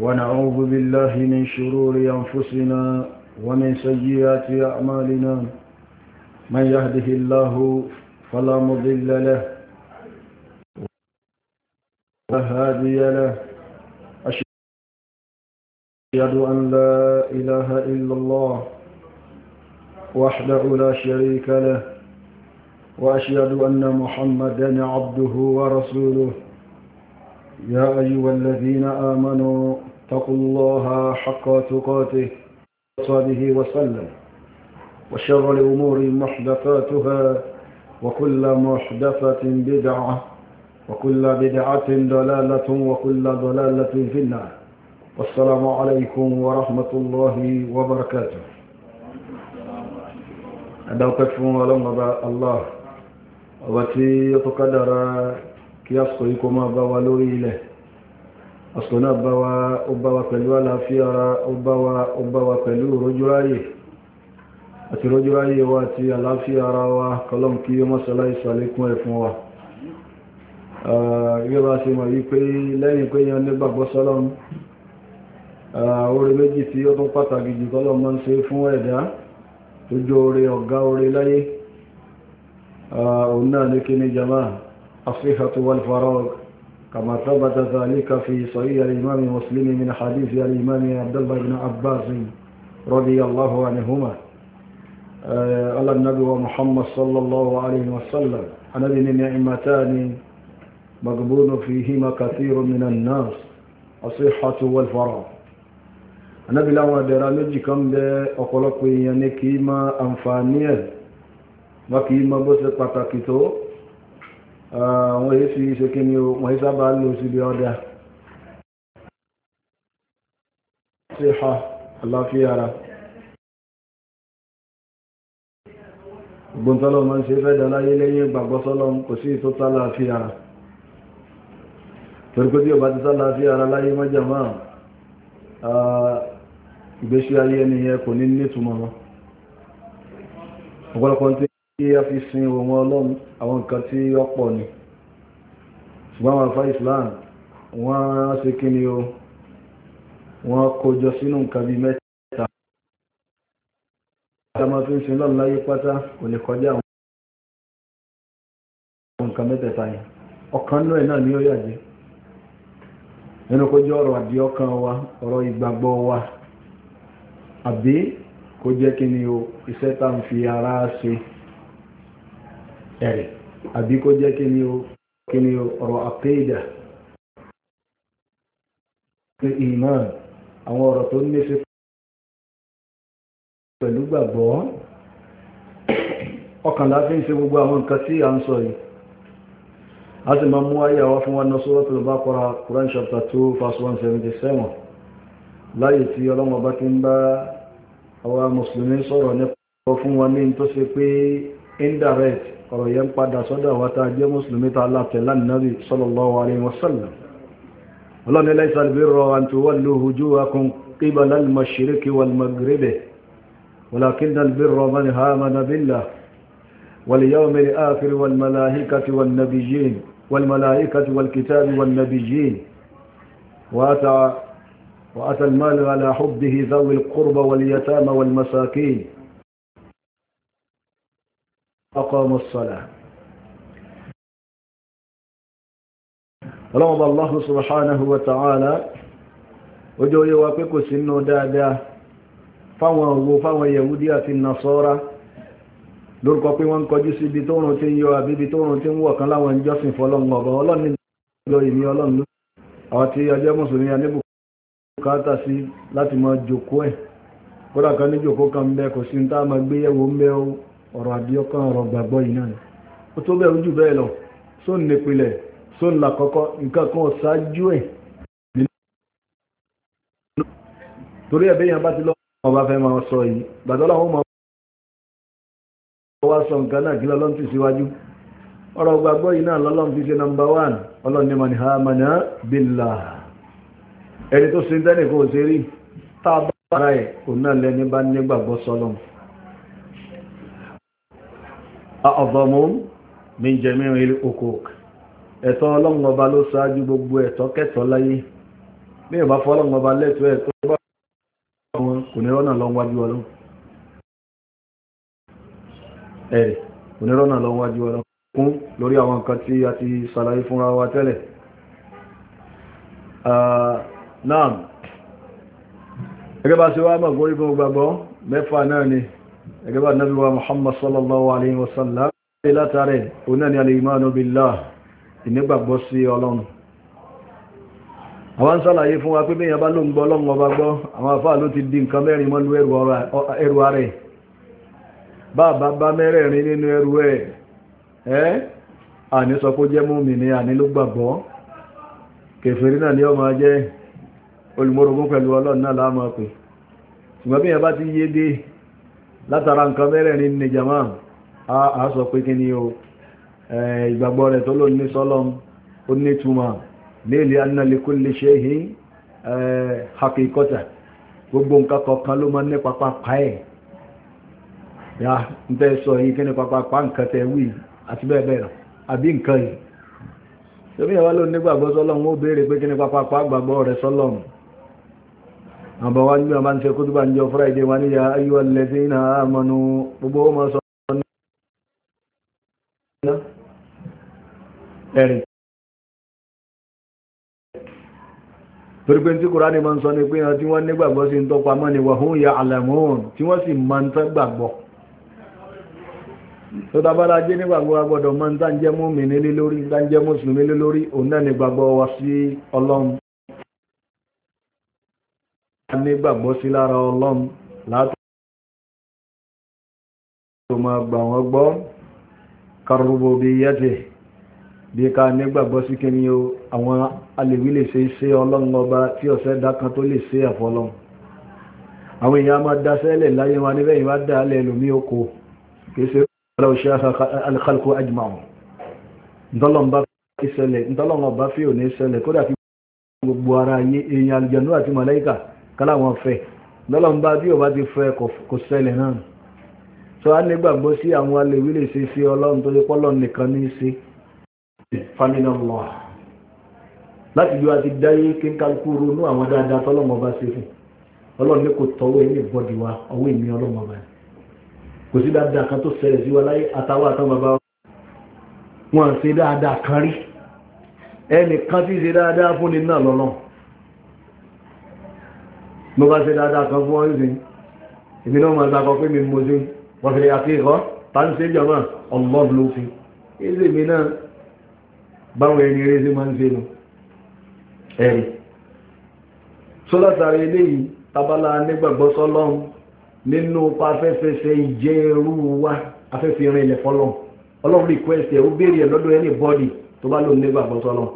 ونعوذ بالله من شرور أنفسنا ومن سيئات أعمالنا من يهده الله فلا مضل له ولا هادي له أشهد أن لا إله إلا الله وحده لا شريك له وأشهد أن محمدا عبده ورسوله يا أيها الذين آمنوا اتقوا الله حق تقاته صلى وسلم وشر الأمور محدثاتها وكل محدثة بدعة وكل بدعة ضلالة وكل ضلالة في النار والسلام عليكم ورحمة الله وبركاته تكفون ولمضى الله وتي يتقدر kí àsìkò yìí kó máa bá wa lórí ilẹ̀ àsìkò náà bá wa ó bá wa pẹ̀lú àlàáfíà ó bá wa ó wa pẹ̀lú rojúráyè àti rojúráyè wa àti àlàáfíà ara wa kọlọ́m kí ó má sọlá ìsàlékún ẹ̀ fún wa gẹ́gẹ́ bá ṣe mọ̀ wípé lẹ́yìn pé yan nígbàgbọ́ sọ́lọ́m oore méjì tí ó tún pàtàkì jù tọ́lọ́m máa ń ṣe fún ẹ̀dá tó jọ oore ọ̀gá oore láyé òun náà ní kíní jama الصحة والفراغ كما ثبت ذلك في صحيح الإمام مسلم من حديث الإمام عبد الله بن عباس رضي الله عنهما على آه، النبي محمد صلى الله عليه وسلم عن ابن نعمتان مقبول فيهما كثير من الناس الصحة والفراغ أنا بلا àdẹ̀rà méjì kan bẹ ọ̀pọ̀lọpọ̀ èèyàn ní kìí ma ما ẹ̀ wọ́n àwọn ah, èyí fi ṣe kí ni wọ́n yí sábà lò síbi ọ̀dà ṣe ha àláfíà ara gbọ́ntọ́lọ́ ma ń ṣe fẹ́ dáláyé lẹ́yìn ìgbàgbọ́sọ́lọ́ kò sí tó tálàáfíà ara torípé tí o bá ti tálàáfíà ara láyé mọ́jà máa ah, ìgbésí ayé ẹni yẹ kò ní nítumọ̀ ọ̀pọ̀lọpọ̀ tí tí a fi sin ohun ọlọ́run àwọn nǹkan tí ó pọ̀ ni ṣùgbọ́n àwọn afá Islam wọ́n ṣe kí ni o wọ́n kójọ sínú nǹkan bíi mẹ́ta àtàmọ́ tó ń sin lọ́nà láyé pátá kò lè kọjá àwọn nǹkan mẹ́tẹ̀ẹ̀ta yẹn ọ̀kan náà náà ni ó yàjẹ́ nínú kó jẹ́ ọ̀rọ̀ àdí ọkàn wa ọ̀rọ̀ ìgbàgbọ́ wa àbí kó jẹ́ kí ni o iṣẹ́ tá à ń fi ara ṣe ẹ̀rì àbí kó jẹ́ kí ni o kí ni ọ̀rọ̀ àpéèdà ní iman àwọn ọ̀rọ̀ tó ní ṣe pẹ̀lú gbàgbọ́ ọkàn láti ń ṣe gbogbo àwọn nǹkan tí a ń sọ yìí a sì máa mú ayé àwọn fún wọn Suratul Baqara Quran chapter two, verse 177 láyé tí ọlọ́mọ bá ti ń bá àwọn mùsùlùmí sọ̀rọ̀ nípa fún wọn ní tó ṣe pé indirect قريان قد صدى وتاجي مسلمي تعالى تلا النبي صلى الله عليه وسلم ولن ليس البر أن تولوا هجوكم قبل المشرك والمغرب ولكن البر من هامن بالله واليوم الآخر والملائكة والنبيين والملائكة والكتاب والنبيين وأتى وأتى المال على حبه ذوي القرب واليتامى والمساكين ọkọ̀ sọ́lá ọlọ́wọ́n bá Allah subhanahu wa ta'ala ojú oyé wa pé kò sí nínú dáadáa fáwọn òwò fáwọn yahudi àti nasọ́ra lórúkọ pé wọ́n ń kọjú sí ibi tóòrùn tí ń yọ àbí ibi tóòrùn tí ń wọ̀ kan láwọn ìjọsìn fọlọ́ngọ̀gọ̀ ọlọ́ni lọ ìní ọlọ́run àwọn tí ọjọ́ mùsùlùmí anébù káàtà sí láti máa jòkó ẹ̀ kódà kan ní jòkó kan ń bẹ kò sí ń tá máa gbéyẹ̀wò ń bẹ o ọ̀rọ̀ àbíọ́kọ́ ọ̀rọ̀ gbàgbọ́ yìí náà ó tó bẹ̀rù jù bẹ́ẹ̀ lọ só ń so só ń là kọ́kọ́ nǹkan kan ṣáájú ẹ̀ torí ẹ̀bẹ́ yẹn bá ti lọ ọba fẹ́ máa sọ yìí sọ nǹkan náà kí lọ́lọ́n ti síwájú ọ̀rọ̀ gbàgbọ́ lọ́lọ́n fi ṣe nọmba wán ọlọ́ni ẹni tó ṣe ń tẹ́lẹ̀ a bá ara ẹ̀ أعظم من جميع الحقوق ẹ̀tọ́ ọlọ́run ọba ló ṣáájú gbogbo ẹ̀tọ́ kẹtọ́ láyé bí ìbá fọ́ ọlọ́run ọba lẹ́tọ́ ẹ̀tọ́ bá wọn kò ní rọ́nà lọ wájú ọlọ́run ẹ̀ kò ní rọ́nà kún lórí àwọn nǹkan tí a ti ṣàlàyé fúnra wa tẹ́lẹ̀ náà gẹ́gẹ́ bá ṣe wá mọ̀ gbórí gbogbo gbàgbọ́ mẹ́fà náà ni gẹ́gẹ́ bá nàbí wa muhammad sallallahu alayhi wa sallam ṣe látàrí oná ni alìmánu billah ìnígbàgbọ́ sí ọlọ́run àwọn sálàyé fún wa pé bíyàn bá ló ń gbọ́ ọlọ́run ọba gbọ́ àwọn afá ló ti di nǹkan mẹ́rin mọ́nú ẹrù ara ẹ̀ bàbá bá mẹ́rẹ̀ẹ̀rin nínú ẹrù ẹ̀ ẹ́ àní sọ pé ó jẹ́ látara nǹkan mẹ́rẹ̀ẹ̀rin ní jama a sọ pé kí ni o ìgbàgbọ́ rẹ̀ tó ló ní sọ́lọ́m ó ní túmọ̀ léèlé annalikú lè ṣe hí gbogbo nǹkan kọ̀ọ̀kan ló ma ní pápá pa ya ń tẹ́ sọ yìí kí ni pápá pa nǹkan tẹ̀ wí àti bẹ́ẹ̀ bẹ́ẹ̀ àbí nǹkan yìí tóbi ìyàwó ló nígbàgbọ́ sọ́lọ́m ó béèrè pé kí ni pápá pa gbàgbọ́ rẹ̀ sọ́lọ́m àbá wá nígbà máa ń ṣe kútùbà ń jọ friday wá ya ayúwà lẹ́sìn iná àmọ́nú gbogbo ọmọ sọ ẹ̀rì torípé tí kùránì máa ń eh, sọ ní pé tí wọ́n nígbàgbọ́ sí ń tọ́pa mọ́ ni wàhún ya àlàmóhùn tí wọ́n sì máa ń tán gbàgbọ́ tó tábára jẹ́ nígbàgbọ́ agbọ́dọ̀ ń jẹ́ mùmínì lé lórí lórí òun náà nígbàgbọ́ wa sí ọlọ́run nígbàgbọ́ sí lára ọlọ́run látò máa gbà wọ́n gbọ́ karùbò bí yẹ́tẹ̀ bí ká nígbàgbọ́ sí kí ni o àwọn alèwí lè ṣe iṣẹ́ ọlọ́run ọba tí ọ̀sẹ́ dákan tó lè ṣe àfọlọ́run àwọn èèyàn máa dáṣẹ́lẹ̀ láyé wọn níbẹ̀ ìwá dáálẹ̀ lómi oko kìí ṣe ọlọ́ọ̀ṣẹ́ alkhalko ajma'un fi òní ṣẹlẹ̀ kódà fi gbogbo ara yé èèyàn àlùjànnú àti màláíkà káláwọn fẹ́ lọ́lọ́run bá bí ọba ti fẹ́ kò ṣẹlẹ̀ náà tó a nígbàgbọ́ sí àwọn alèwí lè ṣe sí ọlọ́run tó ṣe pọ́lọ́ nìkan ní í ṣe family law láti bí wa ti dáyé kí n kálukú ronú àwọn dáadáa tọ́lọ́mọ bá ṣe fún ọlọ́run ní kò tọ́wọ́ ẹni bọ́dì wa ọwọ́ èmi ọlọ́mọ bá kò sí dáadáa kan tó ṣẹlẹ̀ sí wa láyé àtàwọn àtàwọn bàbá wọn ṣe dáadáa kan rí ẹnìkan tí ṣe dáadáa fún ni náà lọ́lọ́run mo bá ṣe dáadáa kan fún ọ́n sí èmi náà máa gbàgbọ́ pé mi mo sí wọ́n fi lè àfi ìkọ́ ta ń ṣe jọmọ́ ọlọ́ọ̀bù ló fi èsì mi náà báwọn ẹni eré sí máa ń ṣe nù ẹ̀rì tó látàrí eléyìí tabala nígbàgbọ́ sọ́lọ́run nínú afẹ́fẹ́fẹ́ ìjẹ́ ẹrú wa afẹ́fẹ́ ìrìn ilẹ̀ ọlọ́run request ẹ̀ ó béèrè ẹ̀ lọ́dọ̀ anybody tó bá lóun nígbàgbọ́ sọ́lọ́run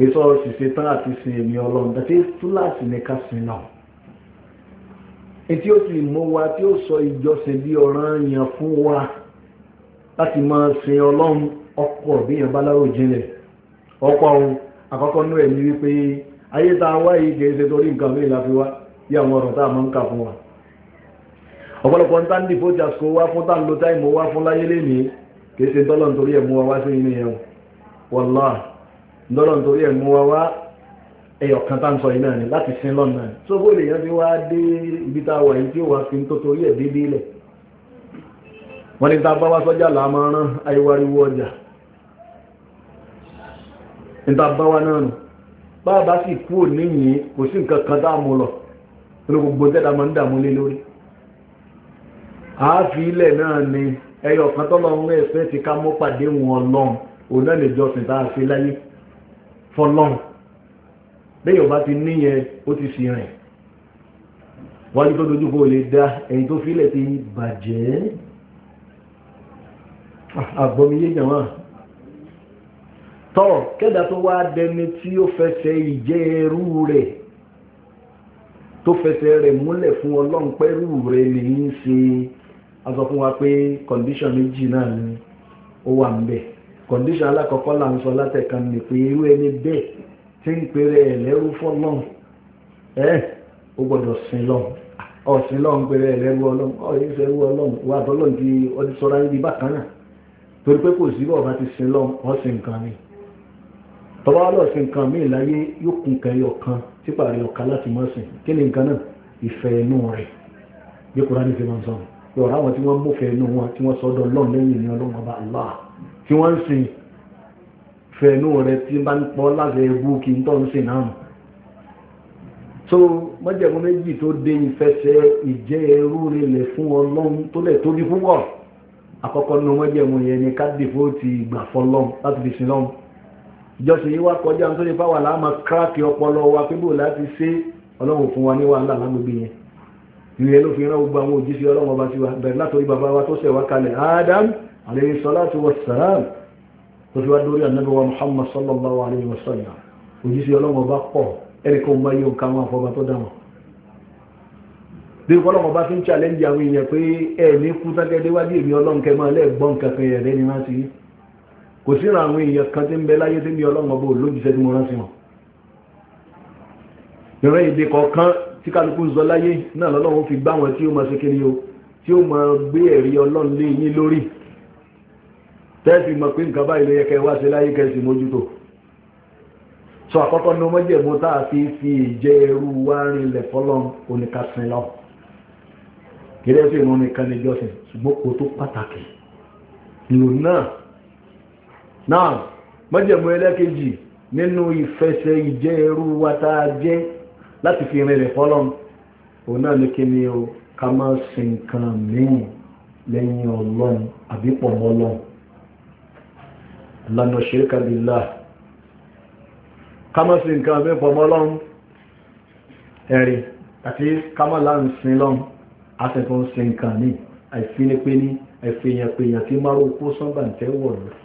èso ṣìṣe tán àti sin èmi ọlọ́run dàtí túláàsì ní ká sin náà ètí ó sì mú wa tí ó sọ ìjọsìn bí ọ̀ràn yàn fún wa láti máa sin ọlọ́run ọkọ̀ bí yàn bá lárò jinlẹ̀ ọkọ̀ ohun àkọ́kọ́ nú ẹ̀mí wípé ayé tá a wá yìí kìí ṣe torí nǹkan mìíràn láfi wá bí àwọn ọ̀rọ̀ tá a máa ń kà fún wa ọ̀pọ̀lọpọ̀ ń tán dìbò tí àsìkò wá fún tá ń lo táìmù wá fún láyé lénìí kìí ṣe tọ́lọ̀ nítorí ẹ̀mú wa wá sí inú yẹn wọ́n láà lọ́lọ́ nítorí ẹ̀ mú wa wá ẹyọ̀ kan tá ń ni láti sin lọ́nà náà tó bó lè yàn fi wá dé ibi tá a wà yìí tí ó wà fi ń tó torí ẹ̀ dédé lẹ̀ wọ́n ní tá a bá wá sọ́jà là á ọjà ní tá bá wá náà nù bá bá sì kú òní yìí kò sí nǹkan kan tá a lọ nínú gbogbo tẹ́ta máa ń dààmú lé lórí àáfi ilẹ̀ náà ni ẹyọ̀ kan tọ́lọ́ ń rẹ̀ fẹ́ ti ká mọ́ pàdé wọn lọ́n òun náà lè jọ sìn tá a fi láyé fọlọ́n bẹ́yọ̀ bá ti níyẹn ó ti fi rìn wájú tó dojú kó lè dá ẹ̀yìn tó fílẹ̀ ti bàjẹ́ ah, àgbọ̀míyé jàmá tọ́ kẹ́dà tó wá dẹni tí ó fẹsẹ̀ ìjẹ́ ẹrú rẹ̀ tó fẹsẹ̀ rẹ̀ múlẹ̀ fún ọlọ́run pẹ́rú rẹ̀ lè ń ṣe a sọ fún wa pé condition méjì náà ni ó wà ń bẹ̀ kọ̀ǹdíṣàn alákọ̀ọ́kọ́ là ń sọ látẹ̀kan ní pé irú ẹni bẹ́ẹ̀ tí ń pèrè ẹ̀ lẹ́rú fọ́lọ́n ẹ́ ó gbọ́dọ̀ sìn lọ ọ̀sìn lọ́n pèrè ẹ̀ lẹ́rú ọlọ́run ọ̀yẹ́ sẹ́rú ọlọ́run wà tọ́lọ́run ti ọdún sọ́ra níbi bákan náà torí pé kò sí bọ́ọ̀ bá ti sìn lọ ọ̀sìn nǹkan mi tọ́wọ́ ọlọ́sìn nǹkan mi láyé yóò kún kẹyọ kan tí pàrẹ ọ̀ka láti mọ́ sìn kí ni nǹkan náà ìfẹ́ inú rẹ̀ bí kúránì fi máa ń sọ àwọn tí wọ́n mú fẹ́ inú wọn tí wọ́n sọ́dọ̀ ọlọ́run lẹ́yìn ní ọlọ́run Allah tí wọ́n ń ṣe fẹ̀nú rẹ̀ tí bá ń pọ́ láti ẹgbú kí n tọ́ ń ṣe náà so mọ́jẹ̀mú méjì tó dé ìfẹsẹ̀ ìjẹ́ ẹrú rilẹ̀ fún ọlọ́run tó lẹ̀ tóbi púpọ̀ àkọ́kọ́ nu mọ́jẹ̀mú yẹn ni ká dìbò ti gbà fọlọ́run láti fi sin lọ́run ìjọsìn yìí wá kọjá tó ní fáwọn àlámà kíráàkì ọpọlọ wa pé bò láti ṣe ọlọ́run fún wa ní wàhálà lágbègbè yẹn ìrìn ló fi rán gbogbo àwọn òjíṣẹ́ ọlọ́run ọba sí wa bẹ̀rẹ̀ látọ̀rí bàbá wa tó ṣẹ̀ wá kalẹ̀ Adam عليه الصلاة والسلام tó fi wá dórí ànábíwá Muhammad sallallahu alayhi wa sallam òjísí ọlọ́mọ bá pọ̀ ẹ̀ríkọ́ bá yóò ká máa fọba tó dámọ̀ bí ọlọ́mọ bá fi ń challenge àwọn èèyàn pé ẹ̀ ní kú sákẹ́déwájú èmi ọlọ́nkẹ́ máa lẹ́gbọ́n kankan yẹn lẹ́ni máa ti kò sí ra àwọn èèyàn kan tí ń bẹ láyé tí mi ọlọ́mọ bó lójúṣẹ́ tí mo rántí wọn ìrẹ́ èdè kọ̀ọ̀kan tí kálukú ń sọ láyé náà lọ́lọ́run fi gbá wọn tí ó máa ṣe kiri o tí ó máa gbé ẹ̀rí ọlọ́run lé yín lórí tẹ́ẹ̀fì mọ̀ pé nǹkan báyìí ló yẹ kẹ́ wá sí láyé kẹ́sì mójútó sọ àkọ́kọ́ ní ọmọdébó tá a fi fi ìjẹ́ ẹrú wá rinlẹ̀ fọ́lọ́n oníkàsìn lọ kìlẹ̀ sí ìrún nìkan ní ìjọsìn ṣùgbọ́n kò tó pàtàkì lò náà náà mọ́jẹ̀mú ẹlẹ́kejì nínú ìfẹsẹ̀ ìjẹ́ ẹrú wa tá a jẹ́ láti fi rinlẹ̀ fọ́lọ́n òun náà ní kí ni o ká máa sin nǹkan mìíràn lẹ́yìn ọlọ́run àbí pọ̀ mọ́ ọlọ́run lànà ṣíríkà bílá ká má sí nǹkan abẹ́ pọ̀mọ́ lọ́run ẹ̀rí àti ká má láà ń sin lọ́run a sì tún sin nǹkan ní àìfínipé ní àìfìyànpèyàn tí márùn ún kó sọ́gbà ń tẹ́wọ̀ rẹ̀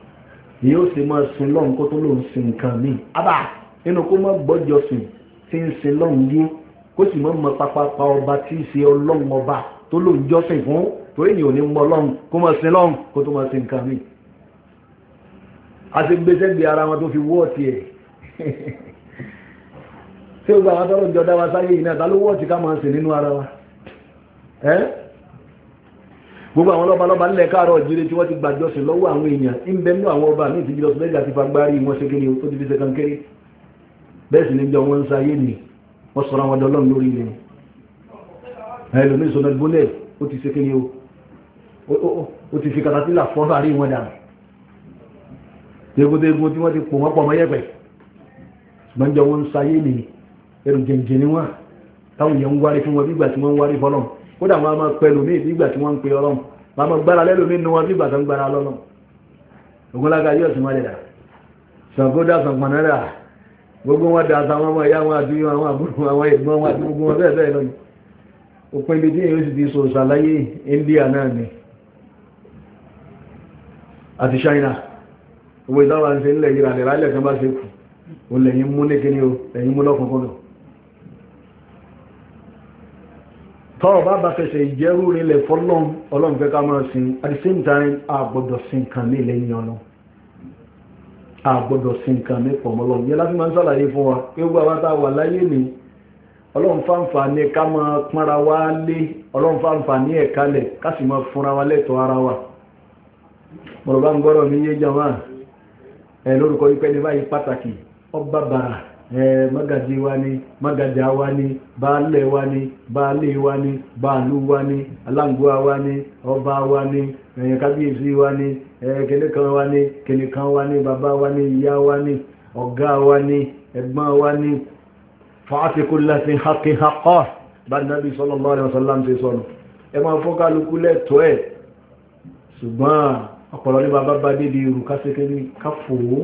yóò sì máa sin lọ́run kó tó lòun sin nǹkan ní abà nínú kó má gbọ́jọsìn tí ń sin lọ́run yé kó sì má mọ pápápá ọba tí í ṣe ọlọ́run ọba tó lòun jọ́sìn fún torí èyàn ò ní mọ kó má sin lọ́run kó tó má sin nǹkan míì a ti gbéṣẹ́ gbé ara wọn tó fi wọ́ọ̀tì ẹ̀ tí ó gba àwọn tọ́lọ̀ jọ dáwà sáyé ìná ta ló wọ́ọ̀tì ká máa ń sè nínú ara wa ẹ́ gbogbo àwọn lọ́ba lọ́ba nílẹ̀ káàrọ̀ ìjírí tí wọ́n ti gbàjọsìn lọ́wọ́ àwọn èèyàn ń bẹ nínú àwọn ọba ní ìtìjú lọ sílẹ̀ àti fagbárí wọn ṣe kéré tó ti fi ṣe kankéré bẹ́ẹ̀ sì ní jọ wọn ń sáyé nì wọ́n sọ̀rọ̀ àwọn ọdọ́lọ́run lórí ni ẹlòmíì sọ̀nà gbólẹ̀ ó ti ṣe kéré o ó ti fi kàtàkì là fọ́ láàrin wọn dànù tegotegun tí wọ́n ti pò wọ́n pọ̀ mọ́yẹ́pẹ̀ ṣùgbọ́n jọ wọ́n ń sayé ní ẹrù jẹ̀ǹjẹ̀ ni wọ́n táwọn èèyàn ń wárí fún wọn bígbà tí wọ́n ń wárí fọ́lọ́n kódà wọn a máa pẹ́ lómi bígbà tí wọ́n ń pe ọlọ́run wọn a máa gbára lẹ́lómi nu wọn bígbà tó ń gbára lọ́lọ́run ogunlága yóò sì máa lè dà sàgódà sàpànádà gbogbo wọn da àtàwọn ọmọ ìyá wọn àdúyọ àwọn àbúrò àwọn ẹ̀gbọ́n wọn àti wọn bẹ́ẹ̀ bẹ́ẹ̀ lọ́nà òpin ibi tí èyí sì ti sòrò sàlàyé India náà ni àti China owó ìdáwà ń ṣe ń lẹ̀yìn ràdẹ̀rà ilẹ̀ kan bá ṣe kù o lẹ̀yìn mú ní kíní o lẹ̀yìn mú lọ́kọ̀ọ́kọ́ tọ́rọ bá bá fẹsẹ̀ ìjẹ́rú rinlẹ̀ fọ́lọ́n ọlọ́run ká máa sin at the same time a gbọ́dọ̀ sin kan ní ilẹ̀ yìí ọ̀nà a gbọ́dọ̀ sin kan ní pọ̀mọ́lọ́ yẹ láti máa ń sàlàyé fún wa pé gbogbo àwọn tá láyé ni ọlọ́run fáǹfà ní ká máa pọ́nra wa lé ọlọ́run fáǹfà ní ẹ̀kálẹ̀ ká sì máa fúnra wa lẹ́tọ̀ọ́ ara wa mọ̀rọ̀ ń gbọ́dọ̀ ní yé jàmáà lórúkọ wípé ní báyìí pàtàkì ọba bàrà magaji wa ni magaja wa ni baálẹ̀ wa ni baálé wa ni bàálù wa ni aláǹgbá wa ni ọba wa ni ẹ̀yìn kábíyèsí wa ni kìnì kan wa ni kìnì kan wa ni bàbá wa ni ìyá wa ni ọ̀gá wa ni ẹ̀gbọ́n wa ni fàásìkò lẹ́sì hakì hakọ́ bá nàbí sallallahu alaihi wasallam sọnù ẹ máa fọ́kàlùkù lẹ́tọ́ ẹ̀ ṣùgbọ́n ọ̀pọ̀lọ́ ní bàbá bá débi irú kásẹ́kẹ́ ní káfòó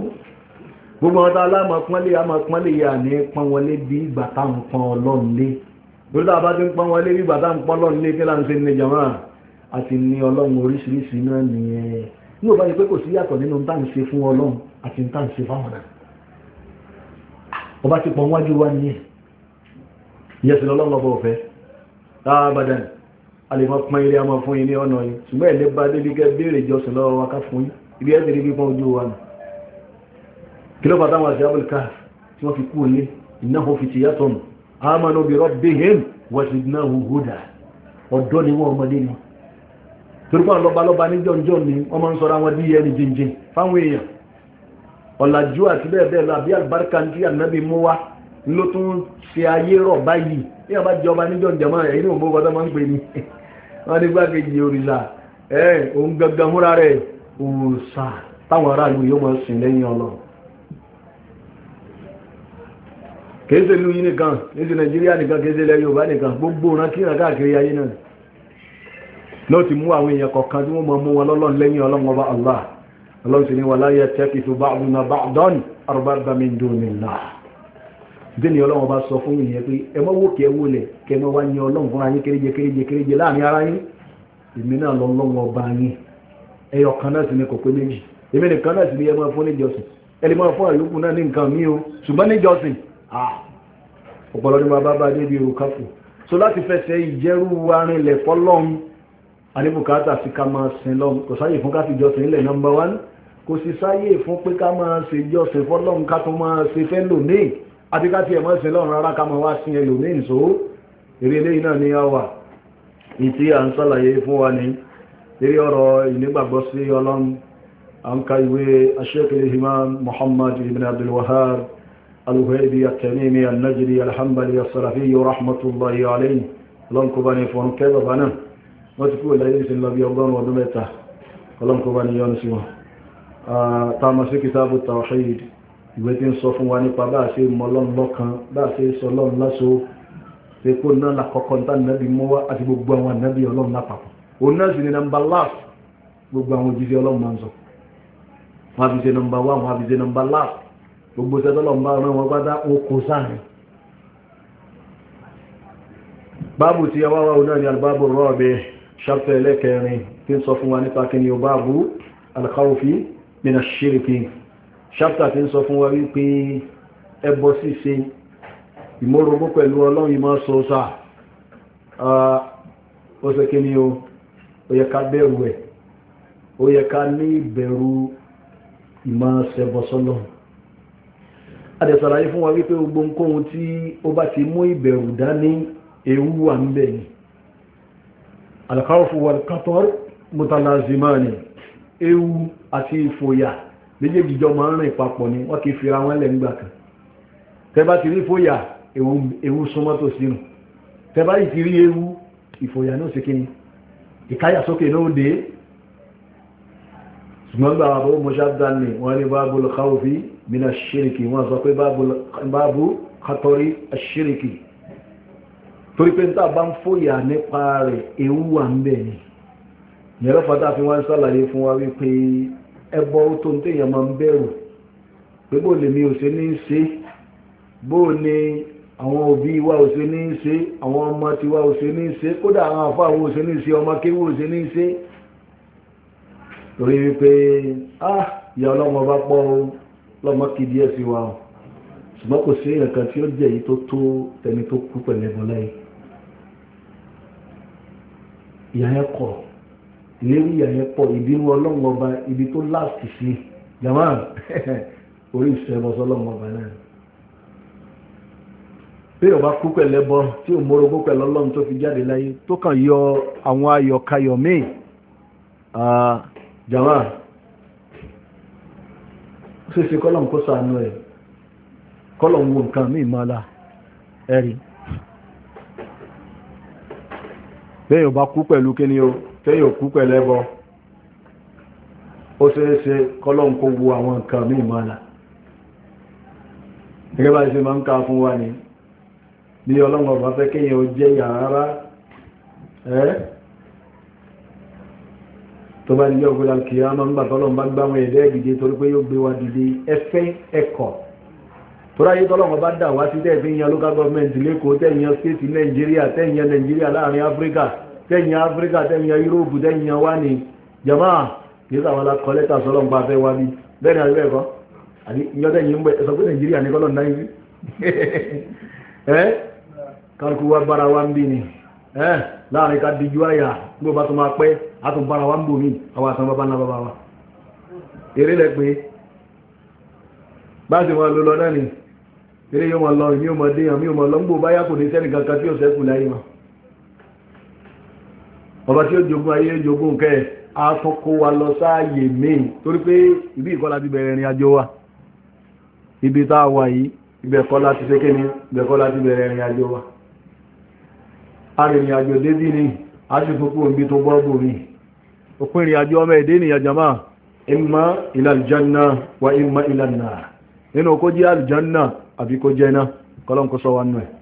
gbogbo àwọn tá aláàmọ̀ pọ́nlé àmọ̀ pọ́nlé yà ní pọ́n bí ìgbà ń pọ́n ọlọ́run lé a bá ti ń pọ́n wọlé bí ìgbà tá ń pọ́n ọlọ́run lé kí láti ṣe ní jàmọ́ àti ní ọlọ́run oríṣiríṣi náà nìyẹn ní ò bá yẹ pé kò sí yàtọ̀ nínú tá ń ṣe fún ọlọ́run àti tá ń ṣe fáwọn náà ọba ti pọ̀ wájú wá nìyẹn ìyẹn sì lọ́lọ́run ọ̀fẹ́ tá a bá a lè máa pọ́n ilé a máa fún yín ní ọ̀nà yìí ṣùgbọ́n ẹ̀ bá débi kẹ́ béèrè ìjọsìn lọ́wọ́ wa ká fún yín ibi ẹ̀ ti rí pípọ́n ojú wa nù kí ló bàtà wọn sí abúlé káà tí wọ́n fi kú ilé ìnáwó fi tìyà tọ̀nù amanu bi rabbihim wa zidnahu huda ọ̀dọ́ ni wọ́n ọmọdé ni torípọ̀ lọ́balọ́ba ní jọ́njọ́ ni wọ́n máa ń sọ́ra wọn bí ẹni jíjìn fáwọn èèyàn ọ̀làjú àti bẹ́ẹ̀ bẹ́ẹ̀ lọ àbí àlùbáríkà ní ànábì mú wá ló tún wọ́n nígbàkejì òrìṣà ẹ̀ òun gangan múra rẹ̀ òòṣà táwọn aráàlú yóò máa sìn lẹ́yìn ọlọ́run kìí ṣe lóyún nìkan kìí ṣe nàìjíríà nìkan kìí ṣe ọba nìkan gbogbo ọ̀nà kíra káàkiri ayé náà náà ti mú àwọn èèyàn kọ̀ọ̀kan tí wọ́n mọ̀ mú wọn lọ́lọ́n lẹ́yìn ọlọ́run ọba allah ọlọ́run délé ọlọ́run bá sọ fún ìyẹn pé ẹ mọ́ wòkè ẹwò lẹ̀ kẹ mọ́ wá ní ọlọ́run fúnra yín kéréje kéréje kéréje láàrin ara yín èmi náà lọ lọ́wọ́ ọba yín ẹyọ kan náà sì ni kò pé méjì èmi nìkan náà sì ni ẹ máa fún níjọsìn ẹ lè máa fún àyókù náà ní nǹkan mí o ṣùgbọ́n níjọsìn ọ̀pọ̀lọ́ ni máa bá bá débi òkàfù so láti fẹsẹ̀ ìjẹ́rú arinlẹ̀ fọlọ́run àníbùkátà sí ká máa sin lọ́run kò sáyè fún number one kò sì sáyè fún pé ká máa ṣe àti ká ti ẹ̀mọ́ ìsìn lọ́run rárá ká mọ́ wá sí ẹlòmíín so eré eléyìí náà ni a wà ìtí à ń sọ́làyé fún wa ní eré ọ̀rọ̀ ìnígbàgbọ́ sí ọlọ́run à ń ka ìwé aṣẹ́kẹ̀lẹ̀ Imam Muhammad ibn Abdul Wahhab al-Wahabi at-Tamimi an-Najdi al-Hanbali as-Salafi rahmatullahi alayhi lọ́nkọba ní fọ́n kẹ́ bàbá náà wọ́n ti kúrò láyé ìsìn lọ́bí ọgbọ́n ọdún mẹ́ta ọlọ́nkọba ní yọ́nù ìwé tí ń sọ fún wa nípa bá a ṣe mọ ọlọ́run lọ́kan bá a ṣe sọ ọlọ́run lọ́sọ pé kó náà lákọ́kọ́ níta nàbí mọ́ wá àti gbogbo àwọn ànábì ọlọ́run lápapọ̀ òun náà sì ni nàmbà láàf gbogbo àwọn òjijì ọlọ́run máa ń sọ wọn àfi ṣe nàmbà wá wọn àfi ṣe nàmbà láàf gbogbo sẹ́tọ́lọ́run bá rán wọn pátá ó sáàrin báàbù tí ẹwà wa nípa kí ni ṣáptà ti ń sọ fún wa wípé ẹbọ ṣíṣe ìmọ́rogún pẹ̀lú ọlọ́run ìmọ̀ sọ́sà ó ṣe kí ni o ó yẹ ká bẹ̀rù ẹ̀ ó yẹ ká ní ìbẹ̀rù ìmọ̀ ṣẹbọsọ́lọ́ adẹ̀sàlàyé fún wa wípé gbogbo nǹkan tí ó bá ti mú ìbẹ̀rù dání ewu wà ń bẹ̀ ni alkhawfu wal mutalazimani ewu àti ìfòyà méjèèjì jọ máa ń rìn papọ̀ ni wọ́n kìí fira wọn lẹ̀ kan tẹ́bá ti rí fòyà ewu súnmọ́ tó sínú tẹ́bá yìí ti rí ewu ìfòyà náà sí kíni ìkáyàsókè náà dé ṣùgbọ́n gbà àbọ̀ mọ́ṣáàdánì wọ́n ní báàbù lọ́kàwọ́fí mina ṣíríkì wọ́n sọ pé báàbù kàtọ́rí ṣíríkì torí pé níta bá ń fòyà nípa rẹ̀ ewu wà ń bẹ̀ ni yẹ̀rọ fata wa wípé ẹbọ tó ń tẹ̀yàn máa ń bẹ̀rù pé bó lè mi ò ṣe ní í ṣe bó ni àwọn òbí wa ò ṣe ní í ṣe àwọn ọmọ tiwa ò ṣe ní í ṣe kódà àwọn àfọ àwọn ò ṣe ní í ṣe ọmọ kéwù ò ṣe ní í ṣe torí wípé ah ìyá ọlọ́mọ bá pọ̀ o lọ́mọ kì í díẹ̀ sí wa o ṣùgbọ́n kò sí èèyàn kan tí ó jẹ́ èyí tó tó ẹni tó kú pẹ̀lẹ́bọ̀lẹ́yìn ìyá yẹn kọ̀ ọ́ ìlérí yẹn pọ̀ ìbínú ọlọ́run ọba ibi tó láàsì sí jama orí ìṣẹ́bọ̀sọ́ ọlọ́run ọba náà bí ọba kú pẹ̀lẹ́ bọ́ tí ò mórogún pẹ̀lú ọlọ́run tó fi jáde láyé tó kàn yọ àwọn ayọ̀kayọ̀ míì jama ṣíṣe kọ́lọ̀n kó sànú ẹ̀ kọ́lọ̀n wo nǹkan míì máa la ẹ̀rí bí ọba kú pẹ̀lú kí o tẹ́yìn òkú pẹ̀lẹ́bọ ó ṣeéṣe kọ́lọ́n kó wo àwọn nǹkan ní ìmọ̀lá gẹ́gẹ́ bá ṣe máa ń ká fún wa ní bí ọlọ́run ọba fẹ́ kéèyàn ó jẹ́ yàrá ẹ́ tó bá nílé ọgbọ́dá kì í ọmọ nígbà tọ́lọ́run bá gbáwọn ẹ̀dẹ́ ìdíje torí pé yóò gbé wa dìde ẹfẹ́ ẹ̀kọ́ tó ráyé tọ́lọ́run bá dà wá sí tẹ́ẹ̀fẹ́ yan local government lẹ́kọ̀ọ́ tẹ́ẹ̀yàn state Nàìjíríà tẹ́ẹ̀yàn Nàìjíríà láàrin Áfíríkà tẹ́yìn áfíríkà tẹ́yìn yúróòpù tẹ́yìn wá ní jàmáà kìí sàwọn alákọ̀ọ́lẹ́ta sọ́lọ́ ń bá fẹ́ wá bí bẹ́ẹ̀ ni àríwẹ̀ ẹ̀kọ́ àti ìyọ́tẹ̀yìn ń bẹ̀ ẹ̀sọ́ pé nàìjíríà ní kọ́lọ̀ náà yìí ẹ́ kálukú wá bára wá ń bí ni ẹ́ láàrin ká dijú àyà bí o bá tó máa pẹ́ a tó bára wá ń bò mí àwọn àtàn bàbá náà bàbá wa eré lẹ pé bá ti máa lọ lọ náà ni eré yóò máa lọ ìmí ò máa dé àmì ò máa lọ ń gbò báyà kò ní sẹ́nì kankan tí ò sẹ́kù láyé wọn ọba tí ó jogún ayé jogún kẹ́ àtọ́kọ́ wa lọ sáàyè mìí torí pé ibi ìkọ́lá ti bẹ̀rẹ̀ ìrìn àjò wa ibi tá a wà yìí ibẹ̀kọ́lá ti ṣe kíni ibẹ̀kọ́lá ti bẹ̀rẹ̀ ìrìn àjò wa arìnrìn àjò dédí ni a sì fún pò níbi tó bọ́ọ̀bù mi òpin ìrìn àjò ọmọ èdè nìyà jama imma ila aljanna wa imma ila an-nar nínú kó jẹ́ aljanna àbí kó jẹ́ náà kọ́lọ́n kó sọ wa nù ẹ̀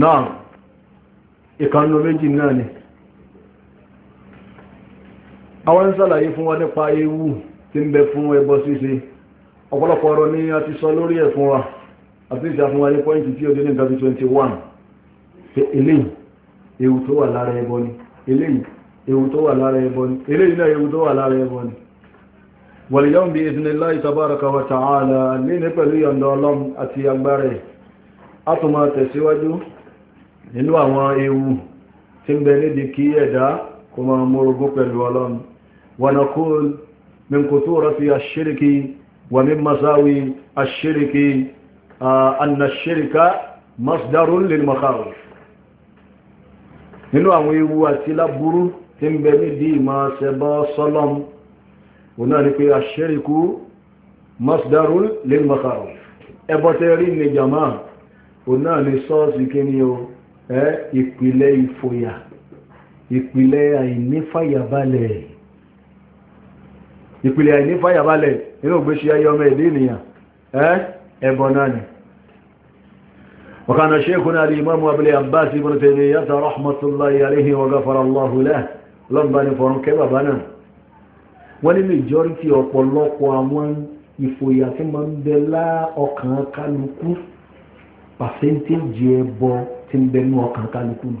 náà ìkànnà méjì náà ni àwọn ń sàlàyé fún wa nípa ewu tí ń bẹ fún ẹbọ ṣíṣe ọ̀pọ̀lọpọ̀ ọ̀rọ̀ ni a ti sọ lórí ẹ̀ fún wa àti ìṣà fún wa ní pọ́ìntì tí ó dé ní ìgbàbí 21 eléyìí ewu tó wà lára ẹbọ ni eléyìí ewu tó wà lára ẹbọ ni eléyìí náà ewu tó wà lára ẹbọ ni wàlìyàn bí ìdínlẹ́láì tàbárakà wa ta'ala ní ní pẹ̀lú yọ̀ndọ̀ ọlọ́m àti agbára ẹ̀ a tún máa tẹ̀síwájú nínú àwọn ewu tí ń bẹ nídi kí ẹ̀dá kó máa mórogún pẹ̀lú ọlọ́run wa naqul min kuturati ash-shirki wa min masawi ash-shirki anna ash-shirka masdarun lil makharij nínú àwọn ewu àti láburú tí ń bẹ nídi ìmọ̀ ṣẹbọ sọ́lọ́m òun náà ní jama òun náà ni sọ́ọ̀sì kí ni o ìpìlẹ̀ ìfòyà ìpìlẹ̀ àìnífàyàbalẹ̀ ìpìlẹ̀ àìnífàyàbalẹ̀ nínú ògbésí ayé ọmọ ìdí ènìyàn ẹbọ náà ni وكان شيخنا الإمام أبو العباس بن تيمية رحمة الله عليه وغفر الله له lọ́gbà ní fọ́rún kẹ́ bàbá náà wọ́n ní majority ọ̀pọ̀lọpọ̀ àwọn ìfòyà tí ma ń bẹ lá ọkàn kálukú pàṣẹ́ntéèjì ẹbọ tí ń bẹnu ọkàn kálukú nù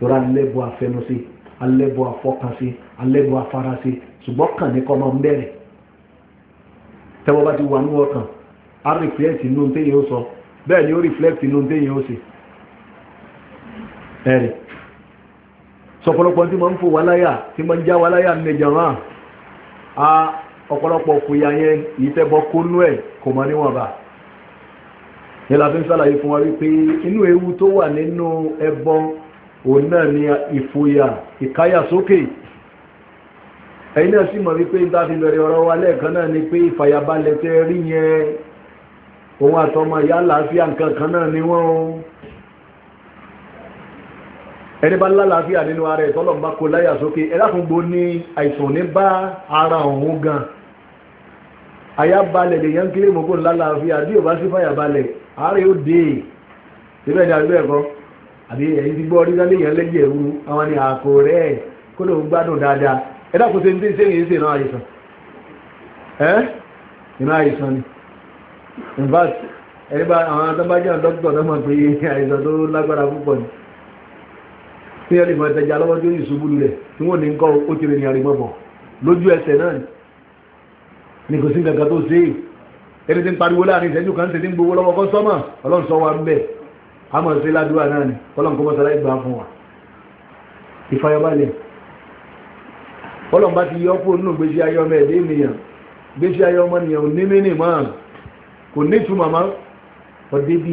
torí alẹ́bọ̀ afẹnusí alẹ́bọ̀ afọkànsí alẹ́bọ̀ afárasí ṣùgbọ́n kàn ní kọ́mọ ń bẹ̀rẹ̀ tẹ́wọ́ bá ti wà ní ọkàn á rìflẹ́ẹ̀tì inú téèyàn ó sọ bẹ́ẹ̀ ni ó rìflẹ́ẹ̀tì inú téèyàn ó ṣe ẹ̀rì sọ̀pọ̀lọpọ̀ tí ma ń fò wá láyà tí ma ń já wá láyà mẹ́jọ máa a ọ̀pọ̀lọpọ̀ kòyà yẹn ìtẹ́bọ̀ kónú ẹ̀ kò mọ̀ níwọ̀n ní la fi ń sàlàyé fún wa wípé inú ewu tó wà nínú ẹbọ òun náà ni ìfòyà ìkáyà sókè ẹ̀yin náà sì mọ̀ wípé ìdáfi bẹ̀rẹ̀ ọ̀rọ̀ wa lẹ́ẹ̀kan náà ni pé ìfàyàbalẹ̀ tẹ́ rí yẹn òun àtọmọ ìyá àlàáfíà nǹkan kan náà ni wọ́n ẹni bá lálàáfíà nínú ara ẹ̀ tọ́lọ̀ ń bá kó láyà sókè àìsàn ní bá ara òun gan àyàbalẹ̀ lè yán kílé mọ́kún lálàáfíà bí ò bá sí fàyàbalẹ̀ ààrẹ ó dé síbẹ̀ ní àgbẹ̀ ẹ̀kọ́ àbí ẹ̀yìn ti gbọ́ ríra lè yàn lẹ́yìn ẹ̀rú àwọn ni àkó rẹ̀ kó ló ń gbádùn dáadáa ẹ dákun ṣe ń dé sẹ́yìn ṣe ìran àìsàn ẹ́ ìran àìsàn ni in fact ẹni bá àwọn adábájá dókítà náà mọ̀ pé àìsàn tó lágbára púpọ̀ ni tí wọ́n lè mọ ẹ̀tẹ̀jà lọ́wọ́ tó yìí ṣubú lulẹ̀ tí wọ́n ní nǹkan ó ti rìn ìrìn àrìmọ́bọ̀ lójú ẹsẹ̀ náà ni ní kò sí gàgà tó ṣe ẹni tí ń pariwo láàrin ìṣẹ́jú kan tètè ń gbowó lọ́wọ́ kọ́ sọ́mọ̀ ọlọ́run wa ń bẹ̀ a sí ládùúgbà náà ni ọlọ́run kọ́ mọ́ sára ìgbà fún wa ìfayọbalẹ̀ ọlọ́run bá ti yọ kó nínú gbèsè ayé ọmọ ẹ̀dẹ́ ènìyàn gbèsè ayé ọmọ ènìyàn ò ní mínì mọ́ kò ní ìtumọ̀ mọ́ ọdẹ́bí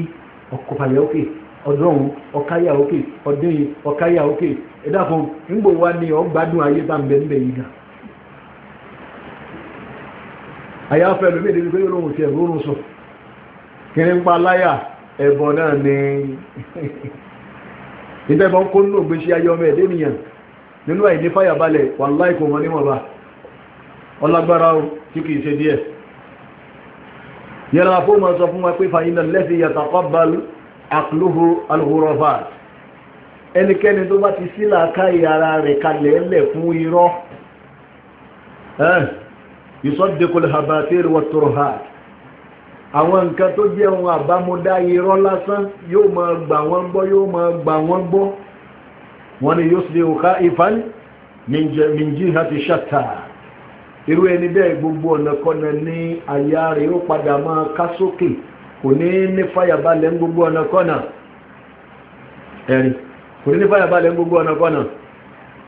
ọkọ̀fàyà òkè ọdún ọkáyà òkè ọdún ọkáyà òkè ẹ̀dá fún ń gbò wá ní ọgbádùn àyàfẹ́ lómi ìdílé pé yóò fi ẹ̀rọ sùn kí ní pa láyà ẹ̀bọ̀ náà ni ìtẹ́bọ̀ ń kó nínú ògbésí ayé ọmọ ẹ̀dẹ́ nìyàn nínú àìní fàyàbalẹ̀ wà láì kò mọ́ níwọ̀nba ọlágbára tí kìí ṣe díẹ̀ yẹra fún ma sọ fún wa pé fàyínà lẹ́sìn yataqabbalu aqluhu al-ghurafat ẹnikẹ́ni tó bá ti sílà ká ìyára rẹ̀ kalẹ̀ ẹlẹ̀ fún irọ́ ìsọ́dẹ̀kọ̀lẹ̀ habatir wa turhat àwọn nǹkan tó jẹ́ ohun àbámúdá irọ́ lásán yóò máa gbà wọ́n gbọ́ yóò máa gbà wọ́n gbọ́ wọ́n ni yuslihu khaifan min jihati shatta irú ẹni bẹ́ẹ̀ gbogbo ọ̀nàkọ́nà ní àyà rẹ̀ ó padà máa ká sókè kò ní ní fàyàbalẹ̀ gbogbo ọ̀nàkọ́nà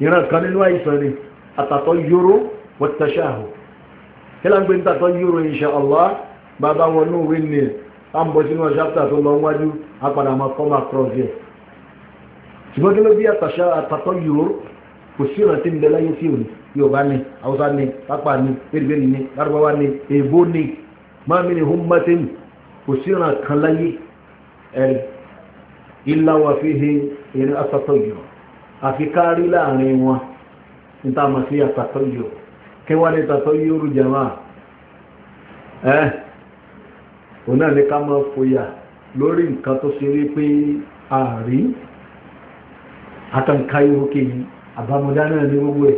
ìran kan nínú àìsàn ni àtàtọ̀ yóró wọ́tẹ̀ṣáhù kílágbé ń tàtọ̀ yóró inṣàlá bàbá wọn ní òwe ní àmbọ̀ sínú ṣáptà tó lọ wájú apadà máa kọ́ máa kọ́ sí ẹ̀ ṣùgbọ́n kí ló bí àtàtọ̀ yóró kò sí ìran tí ń bẹ láyé sí òní yorùbá ni haúsá ni pápá ni pérébéré ni lárúbáwá ni èèbó ni máa mi ni hummatin kò sí ìran kan láyé ẹ̀ ìlà fi hin ìrìn àtàtọ̀ yóró Afi ka arị la arị nwa ntọ ama si atakpui jụụ. Ke wani tatu yọrọ jama. Ɛ. Ona n'aka ma fọ ya lori nka tụ siri ipe arị. Ata nka yọrọ kini. Aba mụ da naanị gbogboe.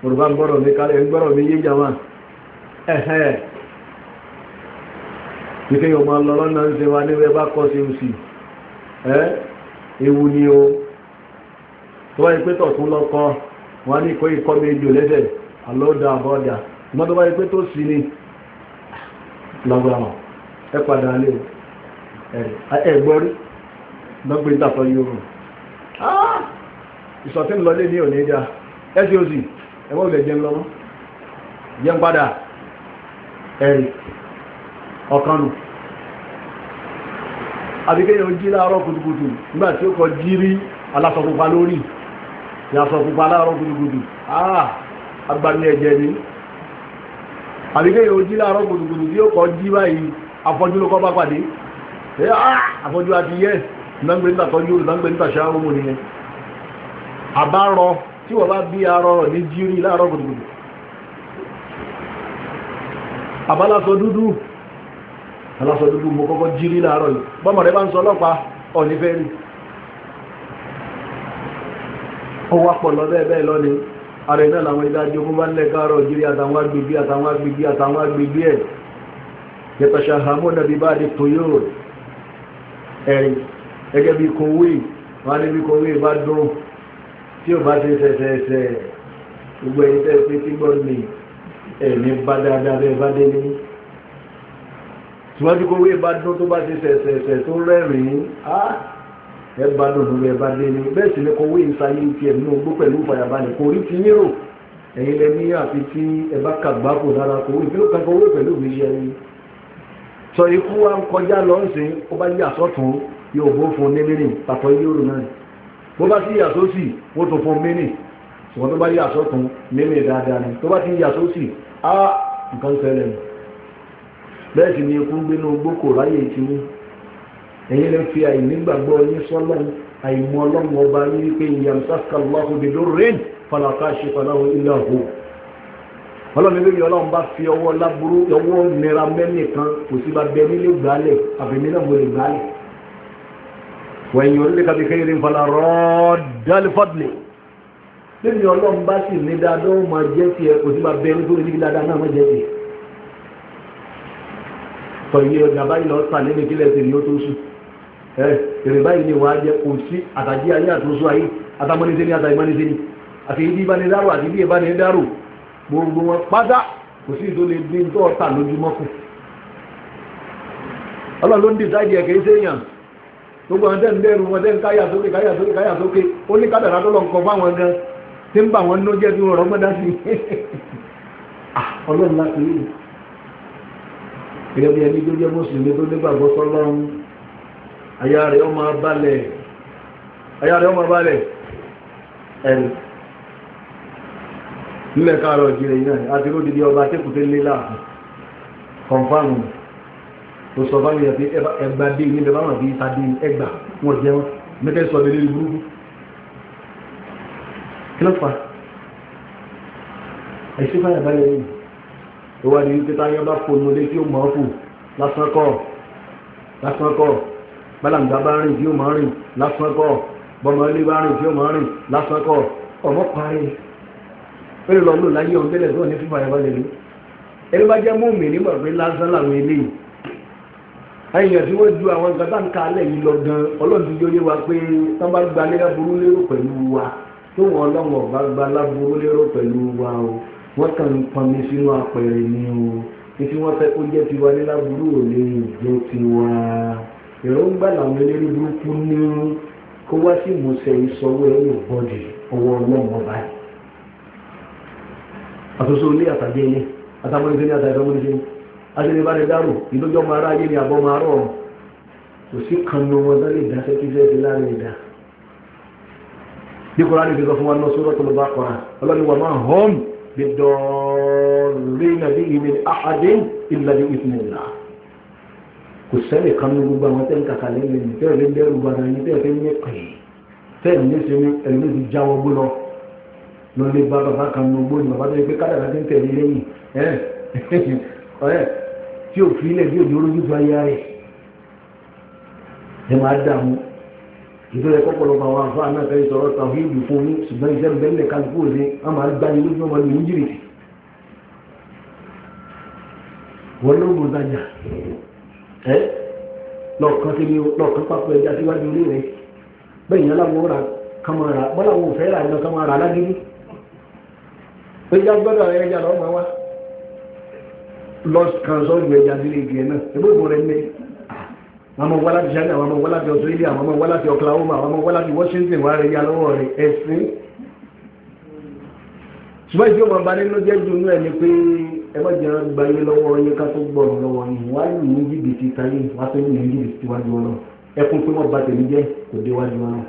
Kpọrọ gbọdọ n'i ka ya n'okpuru bi nye jama. Ee he. Si ke yọrọ ma nọ na nse wani ebe a kpọsụlụ si. eh ewu n'i o. tó bá yẹ pé tọ̀tún lọ́kọ́ wọn ní ìkọ́ ikọ́ méjì lẹ́sẹ̀ alọ́dà àbọ̀dà ìmọ̀ tó bá pé tó sí ni lọ́gbàmọ̀ ẹ padà ẹgbọ́rí lọ́gbẹ́ ìtàkọ́ yóò ah! lọlé ní òní ìdá ẹwọ́ ilẹ̀ jẹun lọ́wọ́ jẹun padà ẹ̀rì ọ̀kanù àbíkẹ́yàn jí láàárọ̀ kùtùkùtù nígbàtí ó kọ jírí lórí yàsọ̀ pupa láàárọ̀ gbùdùgbùdù àà ah, agbani ẹ̀jẹ̀ ni àbíkẹ́ yóò jí láàárọ̀ gbùdùgbùdù tí ó kọ́ jí báyìí afọ́jú ló kọ́ bá pàdé ẹ̀ àà ah, afọ́jú àti yẹ́ ìnágbé níta tọ́jú ìnágbé níta ṣáà rúmù nìyẹn àbárọ tí wọ́n bá bí arọ rọ̀ ní jírí láàárọ̀ gbùdùgbùdù àbálásọ dúdú àbálásọ dúdú mo kọ́kọ́ jírí láàárọ̀ yìí bọ́mọ̀ rẹ ó wá pọ̀ lọ bẹ́ẹ̀ bẹ́ẹ̀ lọ́ni ààrẹ náà làwọn ìdájọ́ ogun bá ń lẹ̀ káàrọ̀ ògiri àtàwọn agbègbè àtàwọn agbègbè àtàwọn agbègbè ẹ̀ yẹtọ̀ṣà hamon nàbí bá di toyo ẹ̀rìn gẹ́gẹ́ bí kòwé wọn ní bí kòwé bá dùn tí ò bá ti ṣẹ̀ṣẹ̀ṣẹ̀ gbogbo ẹ̀yìn tẹ́ pé tí gbọ́n mi ẹ̀mí bá dáadáa bẹ́ẹ̀ bá dé ní ṣùgbọ́n tí kòwé bá dùn tó bá ti ṣẹ̀ṣẹ̀ṣẹ̀ tó rẹ́rìn-ín ẹ bá lóhùn ẹ bá dé ní bẹ́ẹ̀ sì ni kò wé ìsáyé ti ẹ̀ nínú gbó pẹ̀lú ìfàyàbalẹ̀ kò rí ti yérò ẹ̀yin lẹ ní àfi tí ẹ bá kàgbá kò dára kò wé ìfẹ́ kankan wé pẹ̀lú mi yẹ ni. sọ ikú wa ń kọjá lọ ń sìn ó bá yà sọ́tún yóò bó fún nímìnì pàtọ́ yórò náà bó bá sí yà sósì ó tún fún mínì ṣùgbọ́n tó bá yà sọ́tún mímì dáadáa ni tó bá ti yà sósì á nǹkan ṣẹlẹ̀ bẹ́ẹ̀ sì ni ikú gbénú gbókò ráyè ti ní ẹ̀yin lè fi àìnígbàgbọ́ yín sọ́lọ́ àìmọ́ ọlọ́run ọba yín wípé ìyàmsáka lọ́hùn dídó rìn fọlọ́ká ṣe fọlọ́hùn ilẹ̀ hù ọlọ́run lórí ọlọ́run bá fi ọwọ́ láburú ọwọ́ nira mẹ́lì kan kò sí bá bẹ nílé gbálẹ̀ àbẹ̀mí náà mo lè gbálẹ̀ wẹ̀yìn orílẹ̀ kàbí kẹ́yìn fọlọ́ rọ́ọ̀dálífọ́dìlẹ̀ lórí ọlọ́run bá sì ní dáadáa ó máa jẹ́ tiẹ̀ kò sí bá ó tó sùn ìrìnbá ilé wa kò sí àtàjí ayé àtúnṣù ayé àtàmọ́nisẹ́ ní àtàmọ́nisẹ́ ní àti ibi ìbánidárò àti ibi ìbánidárò gbogbo wọn pátá kò sí ìtò lè bí tó ọ̀tà ẹ̀kẹ́ gbogbo àwọn tẹ́ǹ bẹ́ẹ̀rù wọn tẹ́ǹ káyà sókè káyà sókè káyà sókè ó ní kádàrá tó lọ nǹkan fáwọn gan tí àyà rẹ̀ ọmọ balẹ̀ ẹ̀rù nílẹ̀ káàrọ̀ ìjìnlẹ̀ yìí náà àti ló dìdí ọba tẹ́kùté lélà kọ̀nfàmù tó sọ bá nìyàtí ẹgbà dé ní bẹ̀bá wọn bí i tàbí ẹgbà wọn jẹ́ wọn mẹ́kẹ́ sọ bẹ̀rẹ̀ burúkú kí ló fà bálàǹgá bá rìn tí ó máa rìn lásán kọ́ bọ́mọ ilé bá rìn tí ó máa rìn lásán kọ́ ọmọ parí pẹ̀lú lọ́lù láyé ọ̀gbẹ́lẹ̀ tó ní fífa ẹ̀fọ́ lè rí ẹni bá jẹ́ mọ́ọ̀mì nígbà pé lásán làwọn eléyìí àyìnyàn tí wọ́n ju àwọn nǹkan tá ń ka alẹ́ yìí lọ gan ọlọ́run ti yóyé wa pé tán bá gba lẹ́yà burú lérò pẹ̀lú wa tó wọn ọlọ́run ọ̀gá gba láburú lérò pẹ̀lú wa o wọ́n kàn ń pọnmi sínú apẹ̀rẹ̀ ni o títí wọ́n fẹ́ kó jẹ́ tiwa ní láburú ò lè tiwa èròǹgbà làwọn eléré burúkú ní kó wá sí ìmúṣẹ ìsọwọ́ ẹ̀yìn bọ́dì ọwọ́ ọlọ́mọ báyìí àtúnṣe olé àtàgé yẹn àtàwọn ìṣẹ́ni àtàgé ọmọ ìṣẹ́ni àṣẹ́ni bá lè dárò ìdójọ́ máa ráyé ni àbọ̀ máa rọ̀ kò sí kanu wọn tó lè dáṣẹ́ kí fẹ́ẹ́ láàrin ìdá bí kúránì fi sọ fún wa ní ọsùn rọ́tò lọ́ba kọ́ra ọlọ́ni wà máa hàn bí dọ̀ọ́rẹ́ nàbí ìmìnira àdé ìlàdí ìfúnnìlá kò sẹ́lẹ̀ kan ní gbogbo àwọn tẹ́lẹ̀ kàkà lẹ́yìn ẹ̀mí tẹ́lẹ̀ lé bẹ́rù gbàdá ẹni tẹ́lẹ̀ fẹ́ ní pè tẹ́lẹ̀ ní ṣe ní ẹ̀mí ti jáwọ́ gbó lọ lọ lé bá bàbá kan ní ogbó ni bàbá tó yẹ pé kádàrá ti ń tẹ̀lé lẹ́yìn ẹ̀ tí ò fi ilẹ̀ tí ò dúró lójú ayé rẹ̀ ẹ máa dààmú ìtọ́ ẹ̀kọ́ pọ̀lọpọ̀ àwọn afọ àná fún yín ṣùgbọ́n iṣẹ́ bẹ́ẹ̀lẹ̀ ẹ́ lọ́ọ̀kan sí ní lọ́ọ̀kan pápọ̀ ẹja síwájú ilé rẹ̀ bẹ́ẹ̀ yẹn láwọn ra kama ra bọ́lá wọn ò fẹ́ ra ìlọ́kàn máa ra lágídí ẹja gbọ́dọ̀ ẹja lọ́mọ wa lọ́ọ̀kan sọ́ọ̀dù ẹja sílé ìgbẹ́ náà ẹgbẹ́ ìbò rẹ̀ ń bẹ́ẹ̀ àwọn ọmọ wálá ti China àwọn ọmọ wálá ti Australia àwọn ọmọ wálá ti Oklahoma àwọn ọmọ wálá ti Washington wà rẹ̀ ya lọ́wọ́ rẹ̀ ẹ̀sìn ṣùgbọ́n ìjọba ọba nínú jẹ́ dùnú ẹ̀ pé ẹgbẹ́ jẹ́ gba ilé lọ́wọ́ yẹ ká tó gbọ́rọ̀ lọ́wọ́ yìí wá lù ní jìbìtì táyé wá tó ní jìbìtì tíwájú ọlọ́ ẹkún pé wọ́n bá tèmi jẹ́ kò déwájú ọlọ́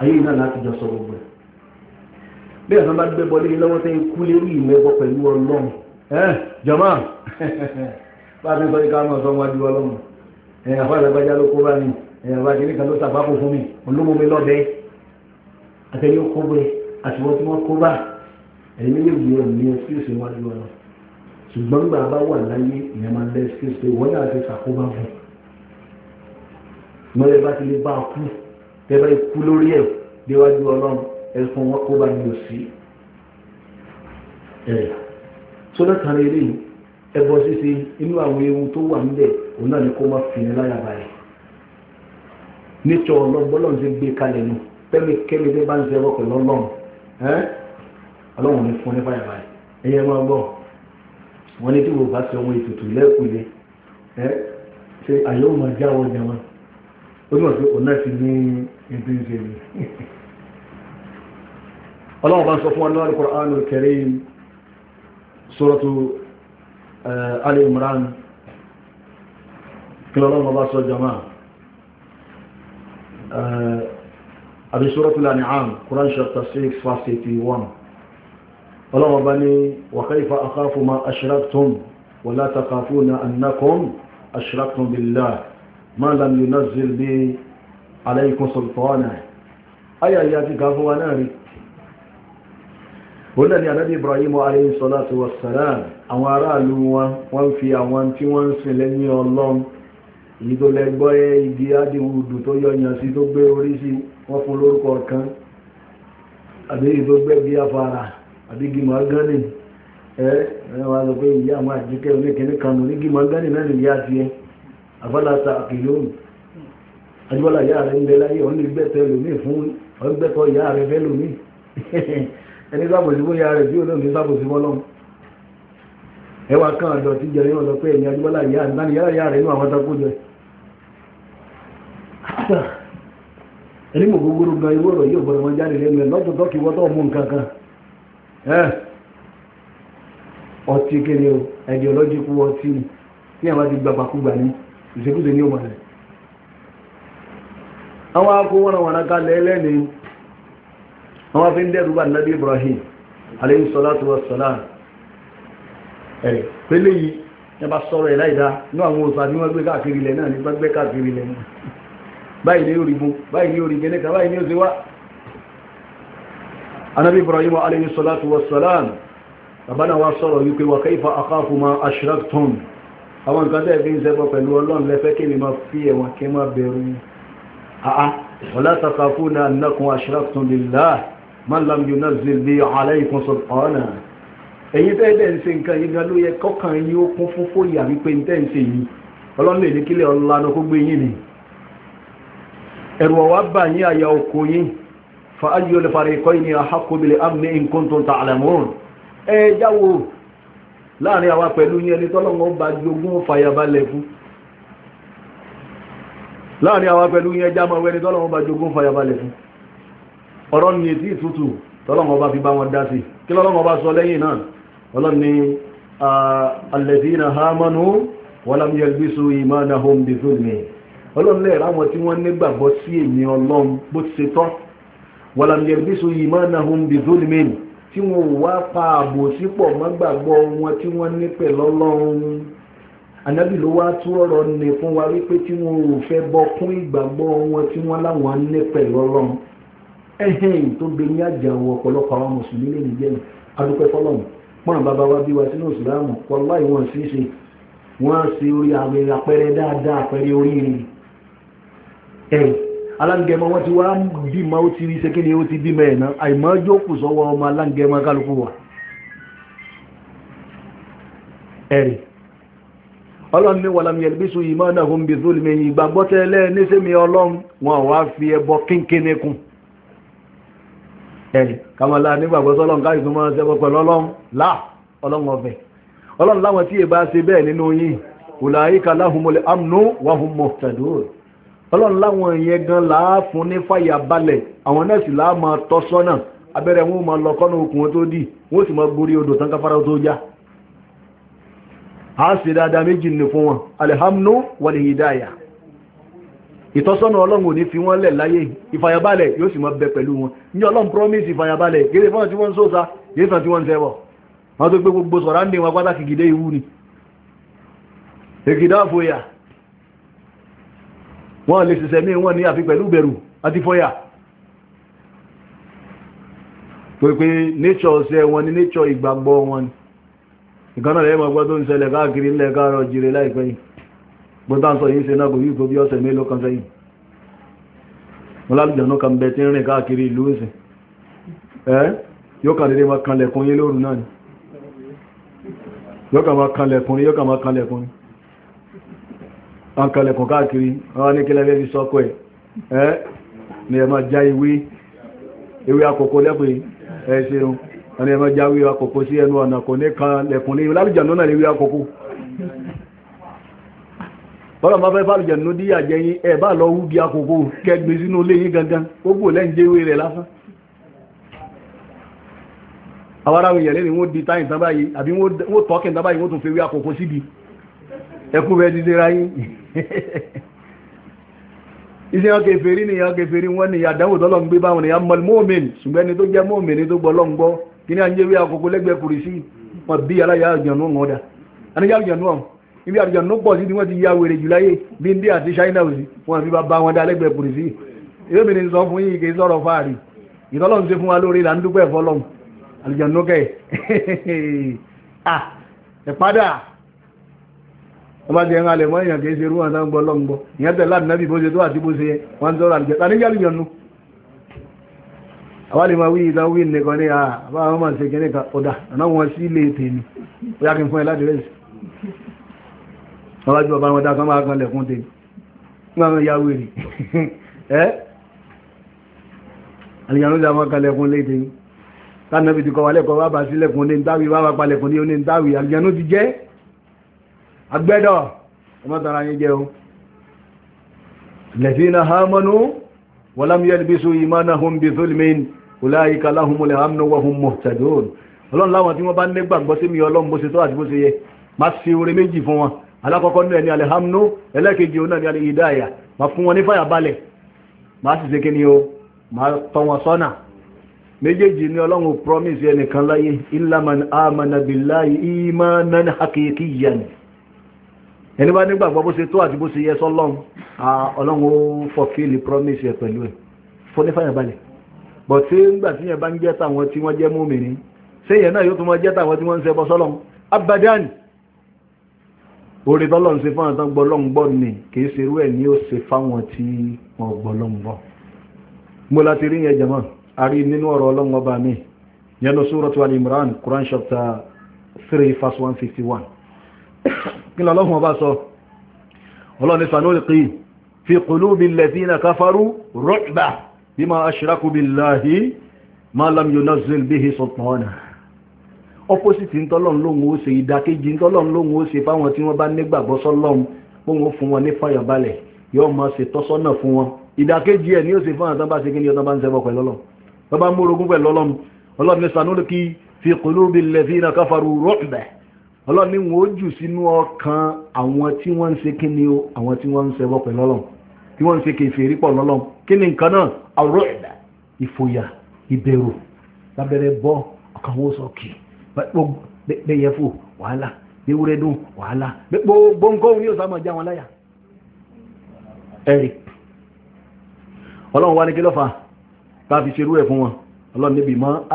ayé náà láti jọ sọ gbogbo ẹ̀ bí ẹ̀sán bá gbé bọ́lé lọ́wọ́ tẹ́ ikú lé rí ìmẹ́gbọ́ pẹ̀lú ọlọ́run ẹ́ jọmọ́ bá a ti sọ ká mọ̀ sọ́wájú ọlọ́run ẹ̀ àfọ́lẹ́gbájá ló kó bá mi ẹ̀ àfọ́lẹ́gbájá kan ní ẹ̀ sí ìṣèwádìí ọlọ́run ṣùgbọ́n gbà bá wà láyé ìyẹn máa lẹ́ sí pé wọ́n yà ti ṣàkóbá fún un mọ́lẹ́ bá ti lè bá kú tẹ́ bá kú lórí ẹ̀ déwájú ọlọ́run ẹ̀fọn wọn kó bá ní òsì ẹ̀ sọ́dọ̀ kan lè rí ẹbọ ṣíṣe inú àwọn ewu tó wà níbẹ̀ òun náà ni kó má fi ní láyà báyìí nítsọ ọlọ́gbọ́lọ́n ti gbé kalẹ̀ nù pẹ́mi kẹ́mi tẹ́ bá ń ṣe ẹwọ́ pẹ̀lú ọlọ́run ọlọ́run ní fún ní báyà báyìí ẹ̀yẹ máa gbọ́ wọ́n ní tí wọ́n bá sọ wọn ètùtù lẹ́kùnlé ẹ́ ṣe àyè ó máa jáwọ́ ní wọn ó ní ọ̀sẹ̀ òun náà ti ní ètò ìṣèlú. ọlọ́run bá ń sọ fún wọn lọ́wọ́ Qur'an al-Karim suratu eh, Ali Imran kí lọ́lọ́run bá sọ jama eh, àbí suratu al-An'am Qur'an chapter six verse eighty one ọlọ́wọ́ bá ní wa kayfa akhafu ma ashraktum wa la takhafuna annakum ashraktum billah ma lam yunazzil bihi alaykum sultana ayàyà ti ga fún wa náà rí wọ́n ni anábí ibrahim alayhi salatu wassalam àwọn aráàlú wọn wọ́n fi àwọn tí wọ́n ń sin lẹ́yìn ọlọ́run èyí igi adìwùdù tó yọyàn sí tó gbé orí sí wọ́n fún lórúkọ kan àbí èyí bí afárá àbígimọ̀ agánì ẹ wà lọ pé ìyá àwọn àjíkẹ́ oníkẹ́ni kanu onígimọ̀ agánì náà lè yá tiẹ̀ àfọlásà àkìlóhùn àjọwọ́lá ìyá rẹ̀ ń bẹ láyé ọ̀n lè gbẹ́tọ̀ ẹlòmí fún ọ̀n gbẹ́tọ̀ ìyá rẹ̀ fẹ́ lòmí ẹni sábòsíbó ìyá rẹ̀ tí ò lóòmí sábòsíbó lọ́wọ́ ẹwà kan àjọ tí jẹrin ọ̀lọ́ pé ẹ̀yìn àjọwọ́lá ìyá ìdáni yára ìyá rẹ̀ inú àwọn takó jẹ ẹni mọ̀ gbogbo gan irú ọ̀rọ̀ yóò gbọ́dọ̀ wọn jáde lẹ́nu ẹ̀ lọ́tọ̀ọ́tọ̀ kí wọ́tọ̀ mú nǹkan kan ọtí kéré o ẹ̀dì ọlọ́jìkú ọtí ni ní àwọn ti gbàgbàkúgbà ní ìṣekúṣe ní òmà rẹ̀ àwọn akó wọn àwọn akalẹ̀ ẹlẹ́ni àwọn afẹ́ ń dẹ́rù bá nàbí Ibrahim alayhi salatu wa salam ẹ̀ pẹ́lẹ́ yìí ẹ bá sọ̀rọ̀ ẹ̀ láìdá ní àwọn òsà ní wọ́n gbé káàkiri ilẹ̀ náà ní gbẹ́ anábí ibrahim alayhi salatu wassalam abana wa sọ̀rọ̀ wípé wa kaifa akhafu ma ashraktum àwọn nǹkan tẹ́ fi ń sẹ́gbọ́ pẹ̀lú ọlọ́run lẹ́fẹ́ kí ni ma fi ẹ̀wọ̀n kí ma bẹ̀rù àá wala takhafuna annakum ashraktum billah man lam yunazzil bi alaykum sultana ẹ̀yin tẹ́ dẹ̀ ń ṣe nǹkan yìí gan ló yẹ kọ́kàn yín ó kún fún fòyà wípé ń tẹ́ ń ṣe yìí ọlọ́run èdè kílẹ̀ ọlọ́run kó ni ẹ̀rù ọ̀wá bà yín àyà oko yín فأي الفريقين أحق بالأمن إن كنتم تعلمون ẹ jáwò láàrin àwa pẹ̀lú yín ẹni tọ́lọ́wọ́ bá jogún fàyàbalẹ̀ fún láàrin àwa pẹ̀lú yín ẹjá mọ̀ ẹni tọ́lọ́wọ́ bá jogún fàyàbalẹ̀ fún ọ̀rọ̀ ni ètí ìtútù tọ́lọ́wọ́ bá fi bá wọn dá sí kí lọ́lọ́wọ́ bá sọ lẹ́yìn náà ọlọ́ni alladhina amanu walam yalbisu imanahum bi zulmin ọlọ́ni lẹ́ẹ̀rá wọn tí wọ́n nígbàgbọ́ sí èmi ọlọ́run bó ti ṣe tán wàlàm yẹ̀rìbísù ìmánahum bí zulmin tí wọ́n wá pa ààbò sípò mọ́gbàgbọ́ wọn tí wọ́n ní pẹ̀ lọ́lọ́run ànábì ló wá tú ọ̀rọ̀ ní fún wa wípé tí wọ́n ò fẹ́ bọ́ kún ìgbàgbọ́ wọn tí wọ́n láwọn ní pẹ̀ lọ́lọ́run ẹ̀hìn tó gbé ní àjàwọ̀ ọ̀pọ̀lọpọ̀ àwọn mùsùlùmí lè ní jẹ́nu adúpẹ́ fọlọ́run pọ́n bàbá wa bí wa sínú ìsìláàmù pọ̀lá ìwọ̀n ṣíṣe wọ́n ṣe orí àpẹẹrẹ dáadáa àpẹẹrẹ oríire ẹ̀rù aláǹgẹmọ wọ́n ti wá bímọ ó ti rí ṣe kíni ó ti bímọ ẹ̀nà àìmọ́ jókù sọ́wọ́ ọmọ aláǹgẹmọ kálukú wà ẹ̀rì ọlọ́run ní wàlámi ẹ̀lbísù imanahum bí zulmi ìgbàgbọ́ tẹ́lẹ̀ níṣẹ́mi ọlọ́run wọn wá fi ẹbọ kínkínní kún ẹ̀rì kàmọ́lá nígbàgbọ́ sọ́lọ́run káyìí tó máa ṣẹbọ pẹ̀lú ọlọ́run láà ọlọ́run ọ̀fẹ́ ọlọ́run láwọn tí èbá ṣe bẹ́ẹ̀ nínú yìí ulaika lahumul amnu wa hum muhtadun ọlọ́run láwọn èèyàn gan láàfún ní fàyà balẹ̀ àwọn nẹ́ẹ̀sì láàmà tọ́sọ́nà abẹ́rẹ́ wọn máa lọ́kọ́nà okùn tó dì wọ́n sì máa gorí odò tán káfárá tó já a sì dáadáa méjì ní fún wọn alhamdu wal hidaya ìtọ́sọ́nà ọlọ́run ò ní fi wọ́n lẹ̀ láyé ìfàyàbalẹ̀ yóò sì máa bẹ pẹ̀lú wọn ní ọlọ́run promise ìfàyàbalẹ̀ kéde fún àti wọ́n sóòsà yéé tàn tí wọ́n ń sẹ́wọ̀ wọ́n tó gbé gbogbo sọ̀rọ̀ á ń dé wọn pátá kìkìdé ìwú ni èkìdá àfòyà wọ́n lè ṣiṣẹ́ mí wọ́n ní àfi pẹ̀lú bẹ̀rù àti fọ́yà pẹ̀pẹ̀ nature ọ̀sẹ̀ wọn ni nature ìgbàgbọ́ wọn ni ìkan náà lẹ́yìn ọgbọ́n tó ń ṣẹlẹ̀ káàkiri ńlẹ̀ káàrọ̀ jire láìpẹ́ yìí gbọ́dá ń sọ yìí ṣe náà kò yí kò bí ọ̀sẹ̀ mélòó kan sẹ́yìn wọn lálùjọ̀nà wọ́n kalẹ̀kùn káàkiri wọ́n ní kílẹ̀ lẹ́bí sọ́kọ́ ẹ̀ ẹ́ ni ẹ máa já ìwé ìwé àkókò lẹ́pẹ́ ẹ ṣeun wọ́n ni ẹ máa já ìwé àkókò sí ẹnu ọ̀nà kò ní kan lẹ̀kùn ní lálùjẹ̀ náà lè wí àkókò bọ́lá máa fẹ́ fàlùjẹ̀ nínú díyà jẹ́ yín ẹ bá lọ wúgi àkókò kẹgbẹ́ sínú ilé yín gangan gbogbo lẹ́ǹjẹ́ ìwé rẹ̀ lásán àwọn aráwọ̀ èèyàn lẹ́ni wọ́n di táyìn tán báyìí àbí wọ́n tọ́kìn tán báyìí wọ́n tún fi wí àkókò síbi ẹkú rẹ̀ dídé ráyìn iṣẹ́ ọkẹ̀ fèrí ni ọkẹ̀ fèrí wọ́n ni àdánwò tọ́lọ̀ ń gbé báwọn èèyàn mọ̀ mọ́ọ̀mìn ṣùgbọ́n ẹni tó jẹ́ mọ́ọ̀mìn ni tó gbọ́ lọ́n gbọ́ kí ní àjẹwé àkókò lẹ́gbẹ̀ẹ́ kùrì sí wọn bí aláya àjọ̀nú wọn dà aníjà àjọ̀nú ọ̀hún ibi àjọ̀nú pọ̀ sí tí wọ́n ti ya wèrè jù láyé bí ndí àti ṣáínà òsì wọn fi bá wọn dá lẹ́gbẹ̀ẹ́ kùrì sí èmi ni sọ fún yìí kì í sọ̀rọ̀ fáàrí ìtọ́lọ́run ṣe fún wa lórí là ń ọba jẹ́ ẹ̀rọ alẹ̀mọ́ èèyàn kìí ṣe irú ọ̀sán gbọ́ lọ́gbọ́ ìyẹn tẹ̀lá nẹ́bí bó ṣe tó àti bó ṣe wọ́n tọ́rọ àlùjẹ́ tàbí jẹ́ àlùjọ́nu àwọn lè máa wí ìtàn wí nìkan ní àbá àwọn máa ṣe kìíní kan ọ̀dà àná wọn sí ilé tèmi ó yá kí n fún ẹ láti rẹ̀ sí ọba ju ọba wọn dákan máa kan lẹ̀kún tèmi nígbà wọn ní ntáwì agbẹ́dọ̀ ọmọdara yìí jẹ́ o lẹ́fí na hamanu wọlam yalbisu imanahum bi zulmin ulaika lahumul amnu wa hum muhtadun ọlọ́run láwọn tí wọ́n bá nígbàgbọ́ sí mi ọlọ́run bó ṣe tọ́ àti bó ṣe yẹ ma ṣe oore méjì fún wọn sọ́nà méjèèjì ni ọlọ́run promise ẹnìkan láyé illa man amana billahi imanan ẹni bá nígbàgbọ́ bó ṣe tó àti bó ṣe yẹ sọ́lọ́run ọlọ́run ó fọ́fíìlì promise ẹ̀ pẹ̀lú ẹ̀ fọ́nífàyàbalẹ̀ bọ̀ tí ńgbà tí yẹn bá ń jẹ́ tàwọn tí wọ́n jẹ́ mùmínì ṣé yẹn náà yóò tún mọ́ jẹ́ tàwọn tí wọ́n ń ṣe bọ́ sọ́lọ́run abadan orí tọ́lọ́run ṣe fáwọn tán gbọ́lọ́run gbọ́ ni kì í ṣerú ẹ̀ ní ó ṣe fáwọn tí wọ́n gbọ́lọ́run gbọ́ mo láti rí yẹn jẹ̀mọ́ a rí nínú ọ̀rọ̀ ọlọ́run ọba mi yẹn lọ Suratu Al-Imran Quran chapter three verse one fifty one kí lọ́lọ́hùn ọba sọ ọlọ́ni sanúlùkì fi qulubi alladhina kafaru ru'ba bima ashraku billahi ma lam yunazzil bihi sultana opposite ń tọ́lọ́n lóhun ó ṣe ìdàkejì ń tọ́lọ́n lóhun ó ṣe fáwọn tí wọ́n bá nígbàgbọ́ sọ́lọ́m bóhun fún wọn ní fàyàbalẹ̀ yóò máa ṣe tọ́sọ́nà fún wọn ìdàkejì ẹ̀ ní ó ṣe fáwọn tọ́ba ṣe kí ọlọ́run ní wọn ó jù sínú ọkàn àwọn tí wọ́n ń ṣe kí ni o àwọn tí wọ́n ń ṣẹbọ pẹ̀lú ọlọ́run tí wọ́n ń ṣe kèfèrí pọ̀ lọ́lọ́run kí ni nǹkan náà ọ̀rọ̀ ẹ̀dá ìfòyà ìbẹ̀rù lábẹ́rẹ́ bọ́ ọkàn wọn sọ kì bẹ́yẹ fò wàhálà léwúrẹ́ dùn wàhálà gbogbo nǹkan òun yóò sá wọn láyà ẹ̀rì ọlọ́run wá ní kí lọ́fà tá a fi ṣerú ẹ̀ fún wọn ọlọ́run níbi mọ́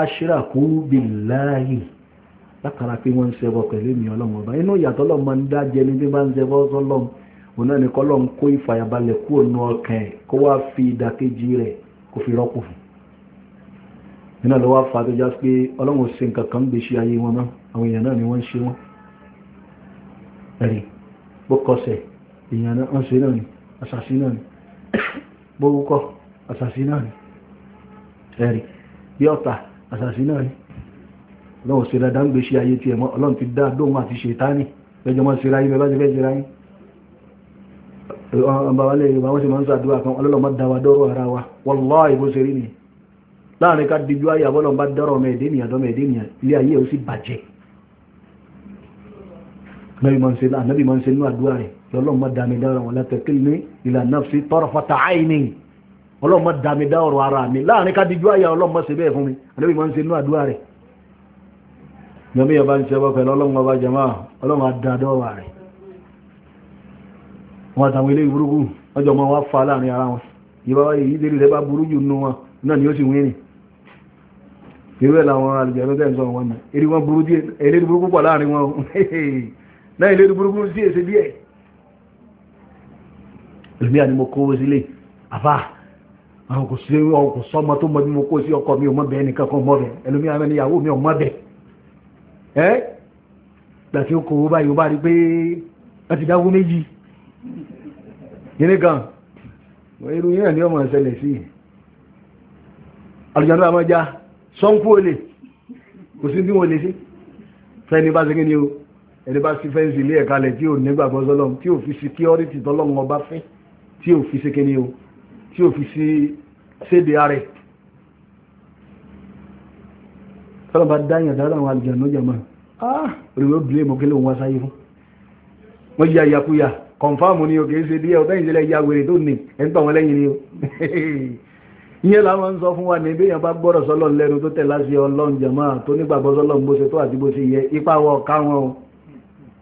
látara pé wọ́n ń ṣẹbọ pẹ̀lú èmi ọlọ́run ọba inú ìyàtọ̀ lọ́ọ́ máa ń dá jẹ ní bí bá ń ṣẹbọ sọ́lọ́m òun náà ni kọ́ lọ́n kó ìfàyàbalẹ̀ kúrò nù ọkàn ẹ̀ kó wá fi ìdàkejì rẹ̀ kó fi rọ́pò fún nínú ló wá fa tó já pé ọlọ́run ò ṣe nǹkan kan ń gbé ṣe ayé wọn mọ́ àwọn èèyàn náà ni wọ́n ń ṣe wọ́n ẹ̀rì bó kọsẹ̀ èèyàn náà ń ṣe náà ni náà ni lọ́wọ́ ṣe dáadáa ń gbé ṣe ayé tí ẹmọ́ ọlọ́run ti dá dóhun àti ṣètánì lẹ́jọ́ mọ́ ṣe ráyí bẹ́bá ṣe fẹ́ ṣe ráyí ọ̀bàwálẹ̀ yorùbá wọ́n sì máa ń sàdúrà kan ọlọ́run bá dáwà dọ́rọ̀ ara wa wallahi bó ṣe rí ni láàrin ká dijú ayé àbọ́lọ́run bá dọ́rọ̀ mẹ́ẹ̀dẹ́nìyàn dọ́mẹ́ẹ̀dẹ́nìyàn ilé ayé ò sì bàjẹ́ nabi man se nabi man jọmí ẹ̀bá ń ṣẹbọ́ pẹ̀lú ọlọ́run ọba jẹmá ọlọ́run àdádọ́wà rẹ̀ wọ́n àtàwọn ilé ìwúrúkú ọjọ́ mọ́ wá fa láàrin ara wọn ìbáwá yìí dérí rẹ̀ bá burú jù nú wọn náà ni ó sì wírin irú ẹ̀ làwọn alùjẹ̀rẹ́ tẹ̀ ń sọ wọn ni eré wọn burú díẹ̀ eré burúkú pọ̀ láàrin wọn náà eré burúkú sí èsè díẹ̀ èmi àni mo kówó sílé àfà àwọn kò sí ọmọ tó mọ bí mo kó ẹ́ gbàtí ó kòwó báyìí ó bá rí pé wọ́n ti dáwó méjì yìí gan irú yìí ní ọmọ ìṣẹ̀lẹ̀ sí àlùjànnú àmọ́já sọ́nkú olè kò sí bí wọ́n lè sí fẹ́ni bá segin ni o ẹni bá sí fẹ́ǹsì ilé ẹ̀kalẹ̀ tí ò nígbàgbọ́ sọ́lọ́m tí ò fi security tọ́lọ́mọ bá fẹ́ tí ò fi segin ni o tí ò fi sí séde ààrẹ tọ́lọ́bà dáyàn dára àwọn àjẹ̀nú jẹ̀mọ́ ah oríwẹ̀ obìnrin mọ̀ kí ló ń wá sáyé fún wọ́n yà yàkúyà kọ̀nfàmù ni o kìí ṣe díẹ̀ ọ̀tẹ́ ìṣẹ̀lẹ̀ ya wèrè tó ní ẹ̀ńtọ̀ wọn lẹ́yìn ni o ìyẹn làwọn ń sọ fún wa ní bí èèyàn bá gbọ́dọ̀ sọ́lọ́ lẹ́nu tó tẹ̀lá sí ọlọ́run jẹ̀mọ́ tó nígbàgbọ́ sọ́lọ́ bó ṣe tó àti bó ṣe yẹ ipa wọ ọ̀ká wọn o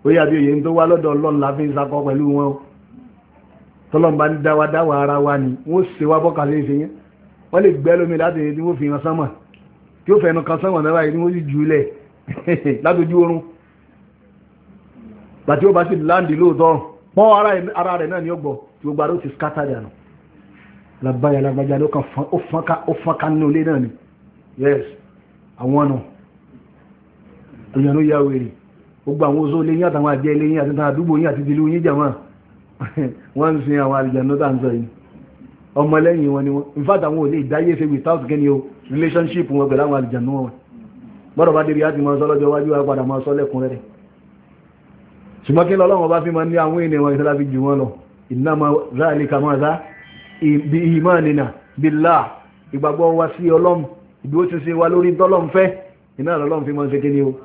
ó yà bí òye tó wá lọ́dọ̀ ọlọ́run la fi ń sakọ pẹ̀lú wọn o tọ́lọ́run bá ń dáwa dáwa ara wa ni wọ́n ṣe wá bọ́kàlẹ́ ìṣe yẹn wọ́n lè gbẹ́ lómi láti ẹni tí wọ́n fi hàn sánmọ̀ tí ó fẹ̀nu kan sánwọ̀n náà ní wọ́n sì ju ilẹ̀ látòjú oorun bàtí ó bá sì láǹdì lóòótọ́ pọ́ ara rẹ̀ náà ní ọgbọ̀ tí gbogbo àdó ti skátà dànù lágbájá lágbájá ló kan ó fọ́nká nínú ilé náà ni yes àwọn ọ̀nà ìyànú ya wèrè gbogbo àwọn oṣó lé yín àtàwọn àjẹ́ ilé yín àti àdúgbò yín àti ìdílé yín jàmá wọ́n ń sin àwọn àlìjànú tàǹsọ̀ yìí ọmọlẹ́yìn wọn ni wọ́n in fact àwọn ò lè dáyé ṣe without kẹ́ni o relationship wọn pẹ̀lú àwọn àlìjànú wọn bọ́rọ̀ bá débi láti máa sọ lọ́jọ́ wájú wa padà máa sọ lẹ́kùn rẹ̀ ṣùgbọ́n kí lọ́lọ́wọ́ bá fi máa ní àwọn ènìyàn ìṣẹ́lá fi jù wọn lọ innama zalika máa zá bí imanina billah ìgbàgbọ́ wa sí ọlọ́m ìdúró ti ṣe wa lórí tọ́lọ́m fẹ́ iná lọ́lọ́m fi máa ń ṣe kí ni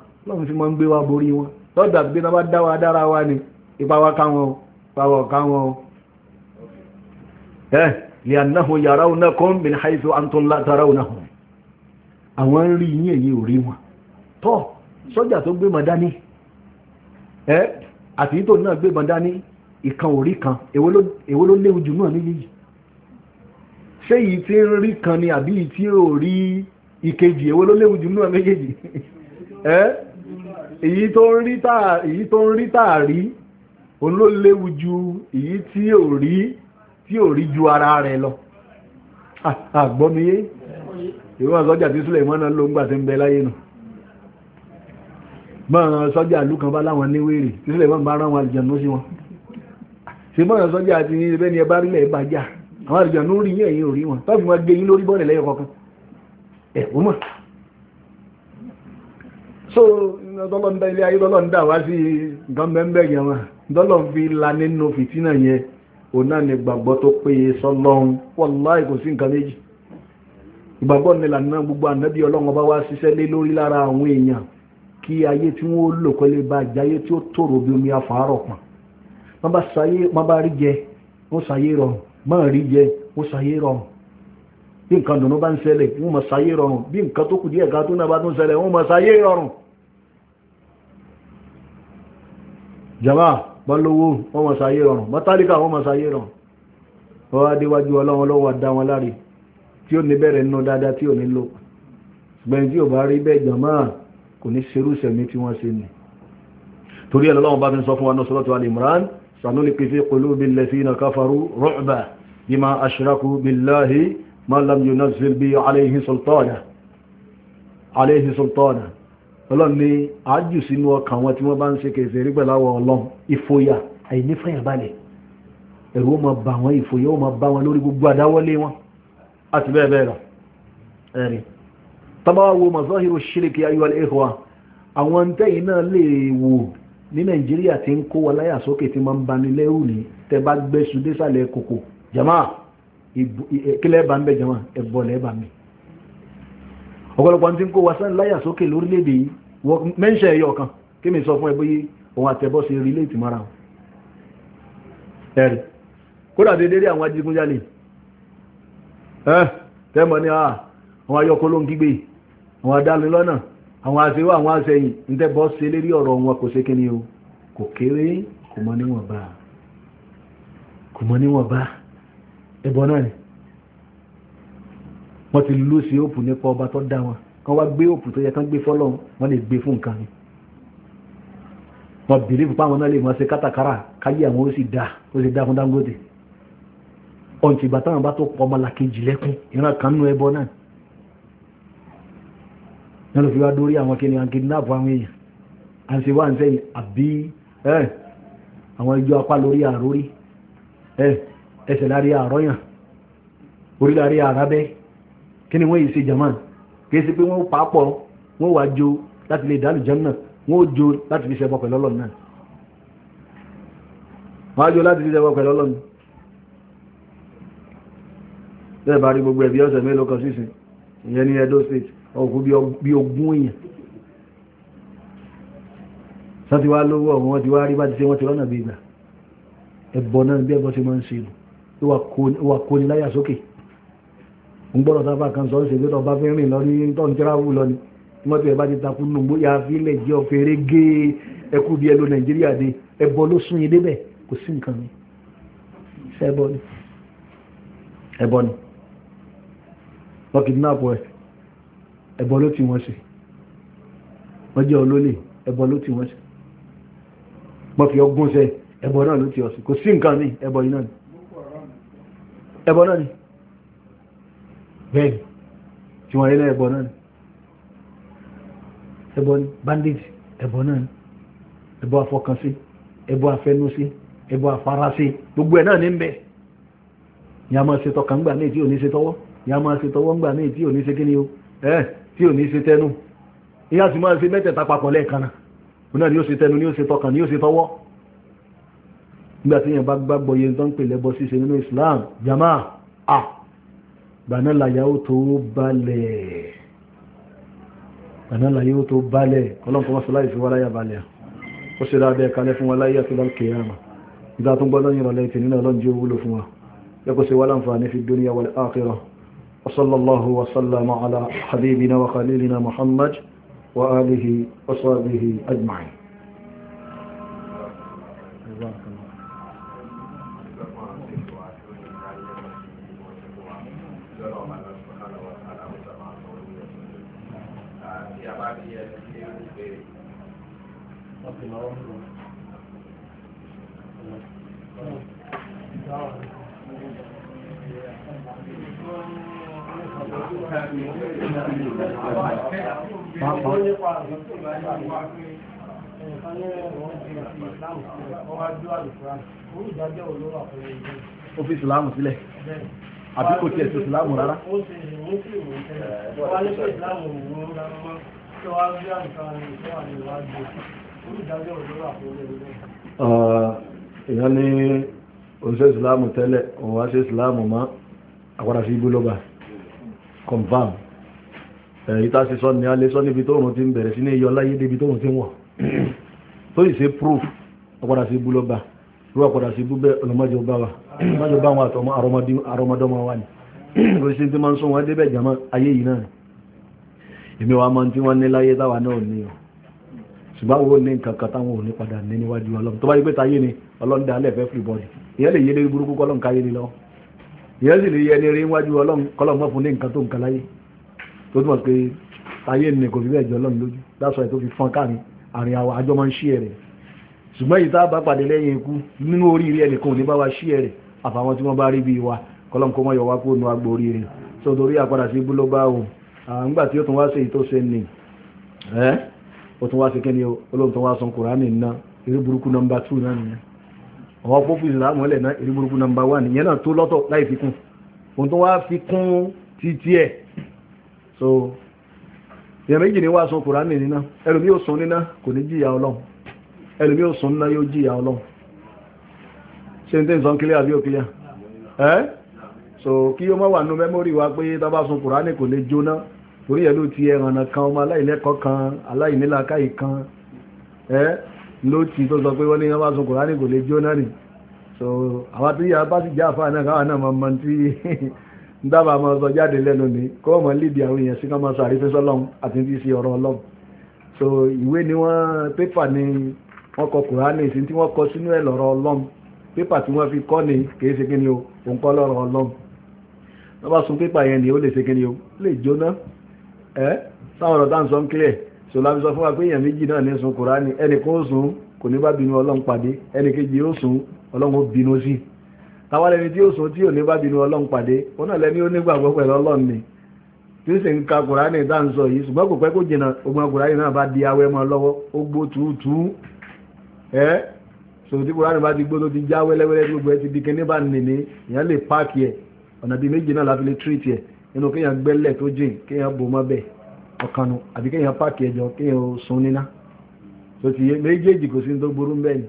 àwọn ń rí ní èyí ò rí wọn tọ́ sọ́jà tó gbé mọ̀ dání ẹ́ àti ìtò náà gbé mọ̀ dání ìkan ò rí kan èwo ló léwu jù náà nílé yìí ṣé yìí tí ń rí kan ni àbí yìí tí ò rí ìkejì èwo ló léwu jù náà méjèèjì ẹ́ èyí tó ń rí tààrí òun ló léwu ju èyí tí ò rí tí ò rí ju ara rẹ̀ lọ àgbọ́miyé ah, ah, ìwọ́n sọ́jà tí súlẹ̀ ìmọ́nà ló ń gbà tí ń bẹ láyé nù mọ́ràn sọ́jà ìlú kan bá láwọn níwèrè tí súlẹ̀ ìmọ́nà bá rán wọn àlìjànú sí wọn ṣe mọ́ràn sọ́jà àti ibẹ́ ni ẹbá rílẹ̀ bá jà àwọn àlìjànú rí yẹn èyí orí wọn tọ́fì wọn gbé yín lórí bọ́ọ̀lẹ̀ lẹ́yọ kọ̀ọ̀kan ẹ̀ ó mọ̀ so dọ́lọ́ndà ilé ayé dọ́lọ́ndà wá sí nǹkan bẹ́ẹ̀ yẹn wọn dọ́lọ́n fi la nínú fìtínà ìgbàgbọ́ ní ìlànà gbogbo ànábì ọlọ́run bá wá ṣiṣẹ́ lé lórí lára àwọn èèyàn kí ayé tí wọ́n lò kọ́ lè ba àjáyé tí ó tòrò bí omi afàárọ̀ pọ̀n má bá rí jẹ wọ́n ṣàyé rọrùn má rí jẹ wọ́n ṣàyé rọrùn bí nǹkan dùnú bá ń ṣẹlẹ̀ wọ́n mọ̀ ṣàyé rọrùn bí nǹkan tó kù díẹ̀ ká tó náà bá tún ṣẹlẹ̀ wọ́n mọ̀ ṣàyé rọrùn. jama bá lówó wọ́n mọ̀ ṣàyé rọrùn mọ́tálíkà wọ́n mọ̀ ṣàyé rọrùn wọ́n á déwájú ọlọ́run láre tí ó ní bẹ̀rẹ̀ nínú dáadáa tí ò ní lò gbẹ̀yìn tí ò bá rí bẹ́ẹ̀ jàmáà kò ní ṣerú sẹ̀mí tí wọ́n ṣe ni torí ẹ̀ lọ́wọ́ bá fi sọ fún wa nọ́sọ́lọ́tọ̀ al-imran sanulqi fi qulubi allathina kafaru ru'ba bima ashraku billahi ma lam yunazzil bi alayhi sultana alayhi sultana ọlọ́run ni àájù sínú ọkàn wọn tí wọ́n bá ń ṣe kèsè rí pẹ̀láwọ̀ ọlọ́run ìfòyà àìnífẹ̀yàbalẹ̀ ẹ̀rù ó máa bà ìfòyà ó máa bà wọ́n lórí gbogbo àdáwọ́lé wọn àti bẹ́ẹ̀ bẹ́ẹ̀ lọ ẹ̀rí tabawo mazahiru shiriki ayu al-ikhwa àwọn tẹ́yìn náà lè wò ní nàìjíríà tí ń kó wa láyà sókè tí máa ń bani lẹ́rù ní tẹ bá gbẹ́sù désàlẹ̀ kòkò jama kílẹ̀ bá ń bẹ jama ẹ̀bọ̀lẹ̀ bá mi ọ̀pọ̀lọpọ̀ tí ń kó wa sáà láyà sókè lórílẹ̀-èdè yìí mẹ́ńṣẹ̀ ẹ̀yọ kan kí mi sọ fún ẹ bóyá òun àtẹ̀bọ́ sí rí léètì mara ẹ̀rí kódà déédéé àwọn adigunjalè ẹ́ tẹ́mọ̀ ní àà àwọn ayọ́kọ́ ló ń gígbé àwọn adánilọ́nà àwọn aṣèwọ́ àwọn aṣẹ́yìn ń tẹ́bọ́ sí lérí ọ̀rọ̀ wọn kò ṣe kíni o kò kéré kò mọ níwọ̀nba kò ẹbọ náà ni wọ́n ti lú sí òpù nípa ọba tó dá wọn kan wá gbé òpù tó yẹ kán gbé fọ́lọ́run wọ́n lè gbé fún nǹkan ni wọ́n bìlífù ọ̀nà ìgbà táwọn bá tó pọ̀ ọmọlàkejì lẹ́kún ìran kan nú ẹbọ náà náà ló fi wá dórí àwọn kìnìún kìdínáàpù àwọn èèyàn àti wá ń sẹ́yìn àbí àwọn ìjọ apá lórí àrórí ẹsẹ̀ lárí àrọ́yàn orí lárí àrábẹ́ kí ni wọ́n yìí ṣe jàmáà kìí sí pé wọ́n pàápọ̀ wọ́n wá jo láti lè dálù jánnà náà wọ́n jo láti fi ṣẹbọ pẹ̀lú Ọlọ́run náà tẹ́ẹ̀ bá rí gbogbo ẹ̀bí ọ̀sẹ̀ mélòó kan sísìn ìyẹn ní Edo State ọkù bí ogún èèyàn sọ́tí wá lówó ọ̀hún wọ́n ti wá rí bá ti ṣe wọ́n ti rọ́nà bí ìgbà ẹ̀bọ náà bí ẹ̀bọ ṣe máa ń ṣe nù ìwà kóni láyà sókè ń gbọ́dọ̀ sáfà kan sọ ṣe gbẹ́tọ̀ bá fẹ́ rìn lọ ní tọ́n tíráwù lọ ni mọ́tò ẹ̀ bá ti takú nù bóyá fílẹ̀ jẹ́ ọ̀fẹ́rẹ́ gé ẹkú bí ẹlò Nàìjíríà dé ẹ̀bọ ló sún yín débẹ̀ kò sí nǹkan mi ṣẹ́bọ ni ẹ̀bọ ni wọ́n kidnap ẹ̀ ẹbọ ló ti wọ́n ṣe wọ́n jẹ́ olólè ẹbọ ló ti wọ́n ṣe wọ́n fi ọgbọ́n ṣe ẹbọ náà ló ti ọ̀sìn kò sí nǹkan ní ẹbọ yìí náà ni ẹbọ náà ni bẹ́ẹ̀ tí wọ́n ilẹ̀ ẹbọ náà ni ẹbọ ni bandage ẹbọ náà ni ẹbọ afọkansí ẹbọ afẹnusí ẹbọ afarasí gbogbo ẹ̀ náà ní ń bẹ ni a máa ṣe tọkàngbà ìyá máa ṣe tọwọ́ ńgbà míì tí ò ní ṣe kí ni o ẹ tí ò ní ṣe tẹnu ìyá sì máa ṣe mẹ́tẹ̀ẹ̀ta papọ̀ lẹ́ẹ̀kan náà òun náà ni ó ṣe tẹnu ni ó ṣe tọkàn ni ó ṣe tọwọ́ nígbà tí yẹn bá gbàgbọ́ yẹn tó ń pè lẹ́bọ ṣíṣe nínú Islam jamaa a gbaná làyà ó tó balẹ̀ gbaná làyà ó tó balẹ̀ ọlọ́nkọ́ mọ́sálá ìfi wáláyà balẹ̀ ó ṣe dáadẹ́ kalẹ̀ fún wáláyà tó lọ́n kìíyàmà ìgbà tó ń gbọ́dọ̀ yìnbọn lẹ́yìn tì nínú ọlọ́njẹ́ owó lò fún wa yẹ kó ṣe wá láǹfààní fi dúníyà wal akhirah وصلى الله وسلم على حبيبنا وخليلنا محمد وآله وصحبه أجمعين ó fi ìsìláàmù sílẹ̀ àbí kò tiẹ̀ sí ìsìláàmù rárá èèyàn ní oníṣẹ́ ìsìláàmù tẹ́lẹ̀ òun wá sí ìsìláàmù mọ́ àpàdà sí ibúlọ́gbà confam èyí tá sí sọ ní alẹ́ sọ níbi tóòrùn ti ń bẹ̀rẹ̀ sí ní iyọ láyé débi tóòrùn ti ń wọ̀ tó ìṣe proof ọ̀padà sí ibú lọ́ba ló ọ̀padà sí ibú bẹ́ẹ̀ ọlọ́mọdé ọba wa ọlọ́mọdé ọba wa àtọmọ àrọmọdọ́mọ wa ni kò sí tí máa ń sọ wọn débẹ̀ jàmọ́ ayé yìí náà èmi wa máa ń tí wọ́n ní láyé táwa náà ní o ṣùgbọ́n wo ní nǹkan kan táwọn ò ní padà ní níwájú ọlọ́run tó bá yẹ pé táyé ni ọlọ́run dá lẹ́fẹ̀ẹ́ free body ìyẹn lè yé lórí burúkú kọ́lọ́n káyé ni lọ ìyẹn sì lè yẹ ní rí níwájú ọlọ́run kọ́lọ́n mọ́ fún ní nǹkan tó nǹkan láyé tó túmọ̀ pé táyé ni kò fi bẹ́ẹ̀ jọ ọlọ́run lójú dáṣọ ẹ̀ tó fi fọ́n káàrin àrin àwọn àjọ máa ń ṣí ẹ̀rẹ̀ ṣùgbọ́n èyí tá bá pàdé lẹ́yìn ikú nínú oríire ẹnìkan ní bá wa ṣí ẹ̀rẹ̀ àfàwọn tí wọ́n bá rí bí wa kọ́lọ́m kó mọ́ yọ wá kó nu agbó oríire tó torí àpadà sí ibú ló bá o àǹgbà tí ó tún wá sí èyí tó ṣe nì ẹ́ ó tún wá sí kí ni olóhùn tó wá san kùránì ná eré burúkú nọmba tù náà nìyẹn àwọn pópù ìsìlámù ẹlẹ̀ náà eré burúkú nọmba wà nìyẹn náà tó lọ́tọ̀ láì fi kún tó wá fi títí ẹ̀ so èèyàn méjì ní wá sun kùránì níná ẹlòmí ò sun níná kò ní jìyà ọlọ́run ẹlòmí ò sun níná yóò jìyà ọlọ́run ṣe ń tẹ́ ìsọ́n àbí òkílẹ̀ ẹ́ so kí ó má wà nú mẹ́mórì wa pé tá bá sun kùránì kò lè jóná torí ẹ̀ ló ti ẹ̀rànà kan ọmọ aláìlẹ́kọ̀ọ́ kan aláìníláàkáì kan ẹ́ ló ti tó sọ pé wọ́n ní wọ́n bá sun kùránì kò lè jóná ni so àwọn tó yà bá sì já àfáà náà káwọn náà máa dábàá máa sọ jáde lẹ́nu ni kọ́ mọ̀ lídìí àwọn èèyàn sí kọ́ máa sàrífẹ́ sọ́lọ́run àti ti ṣe ọ̀rọ̀ ọlọ́run so ìwé ni wọ́n pépà ni wọ́n kọ kùránì sí tí wọ́n kọ sínú ẹ̀ lọ́rọ̀ ọlọ́run pépà tí wọ́n fi kọ́ ni kìí ṣe kíni o òun kọ́ lọ́rọ̀ ọlọ́run wọ́n sun pépà yẹn ni ó lè ṣe kíni o lè jóná ẹ sáwọn ọ̀rọ̀ táwọn sọ ń clear so láti sọ fún wa pé èèyàn méjì náà ní sun kùránì ẹnì kan ó sun kò ní bá bínú ọlọ́run pàdé ẹnì kejì tàwọn ẹni tí ó sọ tí ò ní bá bínú ọlọ́run pàdé ó náà lẹ́ni ó nígbàgbọ́ pẹ̀lú ọlọ́run ni tí ó sì ń ka kùránì sọ yìí ṣùgbọ́n kò pẹ́ kó jìnà ogun kùránì náà bá di awẹ́ mọ́ lọ́wọ́ ó gbó túútú ẹ́ sọ̀rọ̀ tí kùránì bá ti gbó tó ti já wẹ́lẹ́wẹ́lẹ́ tí gbogbo ti di kíní bá nì ní lè páàkì ẹ̀ ọ̀nà bíi méjì náà lè tírìtì ẹ̀ nínú kéèyàn gbẹ́lẹ̀ tó jìn kéèyàn bò mọ́ bẹ́ẹ̀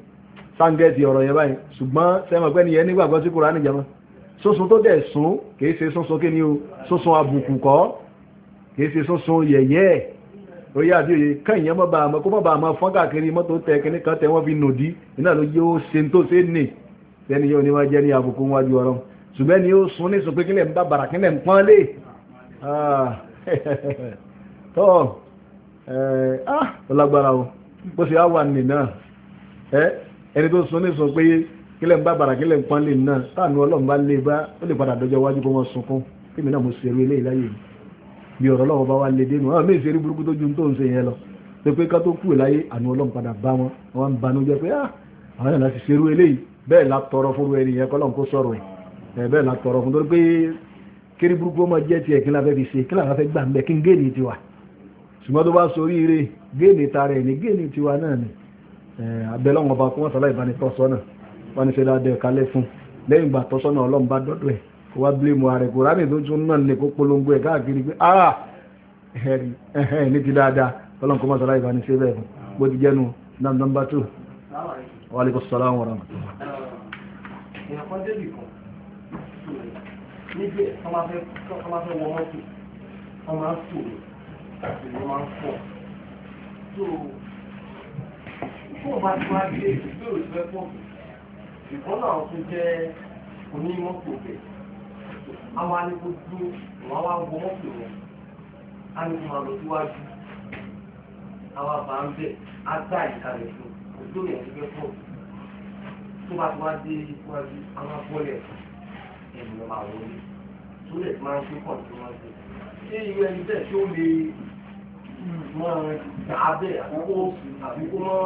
táǹgẹ́ẹ̀tì ọ̀rọ̀ yẹn báyìí ṣùgbọ́n sẹ́mọ̀ pé ni yẹn nígbàgbọ́ sí kúrò níjàmọ́ sósun tó dẹ̀ sún kìí ṣe sósun kí ni o sósun àbùkù kọ́ kìí ṣe sósun yẹ̀yẹ́ oyé àti òye kẹ́yìn mọ́ba àmọ́ kó mọ́ba àmọ́ fọ́n káàkiri mọ́tò tẹ kíní kan tẹ wọ́n fi nù dí iná ló yóò ṣe tó ṣe nì sẹ́ni yóò ní wọ́n jẹ́ ní àbùkù wájú ọ̀rọ̀ ṣùgbẹ́ ni ó sún ní sùn pé kílẹ̀ ń bá bàrà kílẹ̀ ń pọ́n lé ah. tọ́ ọ eh, ah, lágbára o bó ṣe á wà nì ẹni tó sọ ní sọ pé kílẹ̀ ń bá bàrà kílẹ̀ ń pọ́nlé náà táànù ọlọ́run bá lé bá ó lè padà dọjọ́ wájú kó wọ́n sunkún kí mi náà mo ṣe eré eléyìí láyé mi bí ọ̀rọ̀ ọlọ́run bá wá lé dénú àwọn míì ṣe burúkú tó ju tó ń ṣe yẹn lọ pé pé ká tó kú láyé àánú ọlọ́run padà bá wọn wọn ń banú jẹ pé ah àwọn yàrá ti ṣe eré eléyìí bẹ́ẹ̀ la tọrọ fún ẹni yẹn kọ́lọ́n kiri burúkú ọmọ jẹ́ tiẹ̀ kí n láfẹ́ fi ṣe kí n láfẹ́ gbà ń bẹ́ kí n géènì tiwa ṣùgbọ́n Eh, abẹ́lọ́wọ̀n ọba fún ọ̀sán láìbá ní tọ́sọ́nà wọ́n ní ṣe dáadẹ́ kalẹ̀ fún lẹ́yìn ìgbà tọ́sọ́nà ọlọ́run bá dọ́dọ̀ ẹ̀ kó wá bílé mu ààrẹ kò rámì tó tún náà lè kó polongo ẹ̀ káàkiri pé ah ẹ̀hẹ́n ní ti dáadáa ọlọ́run kó mọ̀sán láìbá ní ṣe bẹ́ẹ̀ fún bó ti jẹ́nu nam nọmba two wa aleykum salaam wa rahmatulah. èèyàn kan débì kan tí wọ́n bá ti wá dé ìgbèrò ìfẹ́ pọ̀ ìbọn náà tó jẹ́ onímọ́tò bẹ̀ àwọn anígbó dúró wọ́n wá wọ mọ́tò wọn anígbó máa lọ síwájú àwọn àbá ń bẹ̀ á gbá ìkàlẹ̀ fún ojú ìyẹn tó fẹ́ pọ̀ tó bá ti wá dé iwájú àwọn abọ́lẹ̀ ẹ̀yìn ló máa wọlé tó lè máa ń gbé pọ̀ tó máa ń gbé ṣé irú ẹni bẹ́ẹ̀ tó lè hmm, máa dà á bẹ́ẹ̀ àkókò àbíkó náà.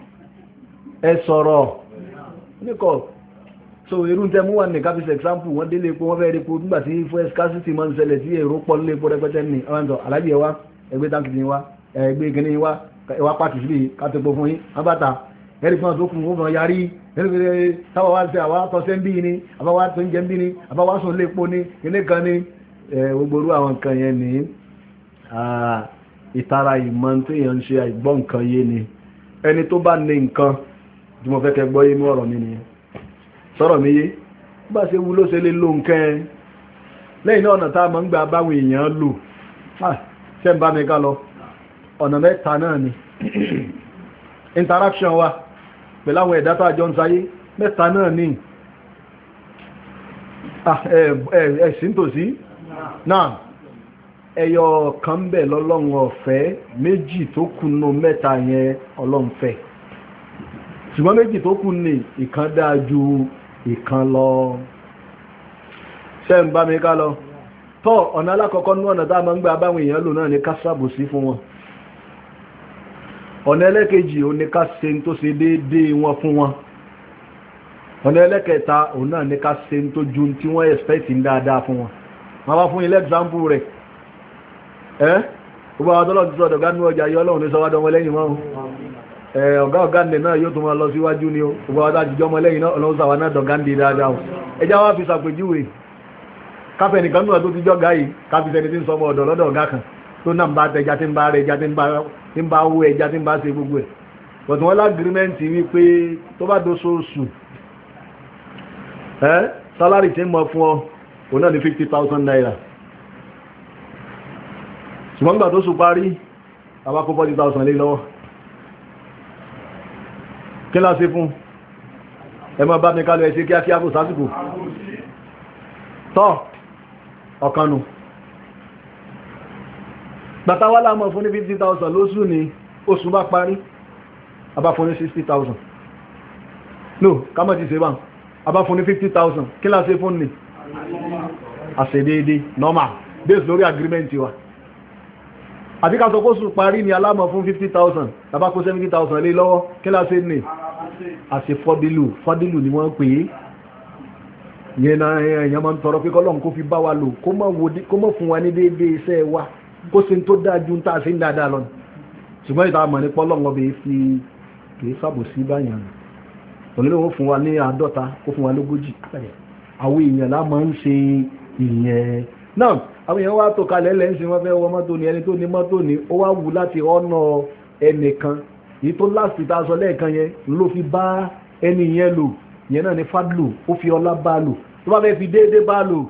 ẹ sọ̀rọ̀ níkọ̀ so irú tẹ mú wà ní káfí ṣe example wọ́n délé epo wọ́n fẹ́ epo nígbà tí fún scarcity máa ń ṣẹlẹ̀ sí èrò pọ̀ nílé epo rẹpẹtẹ ní àwọn ìjọ alábì ẹ wá ẹgbẹ́ táǹkì wa ẹgbẹ́ kìíní wa ẹwà pàtì síbi káti epo fún yín abáta ẹ̀rí fún àtòkù fún fún yarí ẹ̀rí táwa wá ṣe àwa tọ́sẹ́ ń bí ni àbá wá tó ń jẹ ń bí ni àbá wá sùn lé epo ni ilé kan ni gbogbo irú àwọn nǹkan yẹn ní ìtara ìmọ̀ tó yẹn ń ṣe àìgbọ́ nǹkan yé ni ẹni tó bá ní nǹkan jí mo fẹ́ kẹ gbọ́ inú ọ̀rọ̀ mi nìyẹn sọ̀rọ̀ mi yé bá ṣe wú ló ṣe lè lo nǹkan ẹ lẹ́yìn náà ọ̀nà tá a máa ń gba báwọn èèyàn lò ṣe ń bá mi lọ ọ̀nà mẹ́ta náà ni interaction wa pẹ̀lú àwọn ẹ̀dá tá a jọ ń sáyé mẹ́ta náà ni ah, ẹ̀sìn tòsí náà ẹyọ kan bẹ̀ lọ́lọ́run ọ̀fẹ́ méjì tó kùnú mẹ́ta yẹn ọlọ́run fẹ́ ṣùgbọ́n méjì tó kù ní ìkan dáa ju ìkan lọ ṣe ń bá mi ká lọ tọ́ ọ̀nà alákọ̀ọ́kọ́ ní ọ̀nà táa máa ń gbà báwọn èèyàn lò náà ni ká ṣàbòsí fún wọn ọ̀nà ẹlẹ́kejì ò ní ká ṣe tó ṣe déédéé wọn fún wọn ọ̀nà ẹlẹ́kẹta òun náà ní ká ṣe tó ju tí wọ́n ẹ̀spẹ́tì dáadáa fún wọn wọ́n bá fún ilé ẹ̀gbáǹpù rẹ̀ ẹ́ gbogbo àwọn tọ́lọ́ ti ọjà yọ ọlọ́run ní sọ́wọ́dọ̀ wọn lẹ́yìn mọ́rún ọ̀gá ọ̀gáǹdè náà yóò tún máa lọ síwájú ní ọgbà wádá jíjọ́ ọmọ lẹ́yìn náà ọlọ́run sàwọn náà dọ̀gáǹdè dáadáa o ẹjá wá fi sàpèjúwe káfẹ́ nìkan náà tó ti jọ́gá yìí káfíṣẹ́ ni tí ń sọmọ ọ̀dọ̀ lọ́dọ̀ ọ̀gá kan tó náà ń bá tẹja tí ń bá rẹ ẹja tí ń bá wó ẹja tí ń bá ṣe gbogbo ẹ̀ bọ̀tún wọn lágírímẹ́ǹtì wípé tó bá doṣooṣù ẹ́ sálárì tí ń mọ fún ọ òun náà ní fifty thousand naira ṣùgbọ́n gbà tó sùn parí àbákó forty thousand lé lọ́wọ́ kí lá sí fún ẹ má bá mi kálọ ẹ̀ṣẹ́ kíákíá kò sásìkò tọ́ ọ̀kanù gbàtàwálà mọ̀ fún ní 50,000 lóṣù ní oṣù bá parí abáfún ní 60,000 no kámọ̀ ti ṣe abáfún ní 50,000 kí lá sí fún ní àṣẹ́déédé normal based lórí agreement wa àti ká sọ kó sùn parí ní alámọ̀ fún 50,000 tàbá 70,000 lé lọ́wọ́ kí lá sí ní àti fọ́dílù fọ́dílù ni wọ́n pè é yẹn náà èèyàn máa ń tọrọ pé kọ́lọ́n kó fi bá wa lò kó mọ̀ fún wa ní déédéé iṣẹ́ wa kó sì ń tó dáa ju tá a sì ń dáadáa lọ ṣùgbọ́n ìta àmọ̀ ní pọ́lọ́ngọ́ bèé fi kìí sàbòsí báyàn òlélòwò fún wa ní àádọ́ta kó fún wa lógójì àwọn èèyàn lá máa ń ṣe ìyẹn náà àwọn èèyàn wá tó kalẹ̀ lẹ́yìn sí wọ́n fẹ́ wọ mọ́tò ní ẹni tó ní mọ́tò ní ó wá wù láti ọ̀nà ẹnìkan èyí tó láti ta sọ lẹ́ẹ̀kan yẹn ló fi bá ẹni yẹn lò yẹn náà ni fadlu ó fi ọlá bá lò tó bá fẹ́ fi déédé bá lò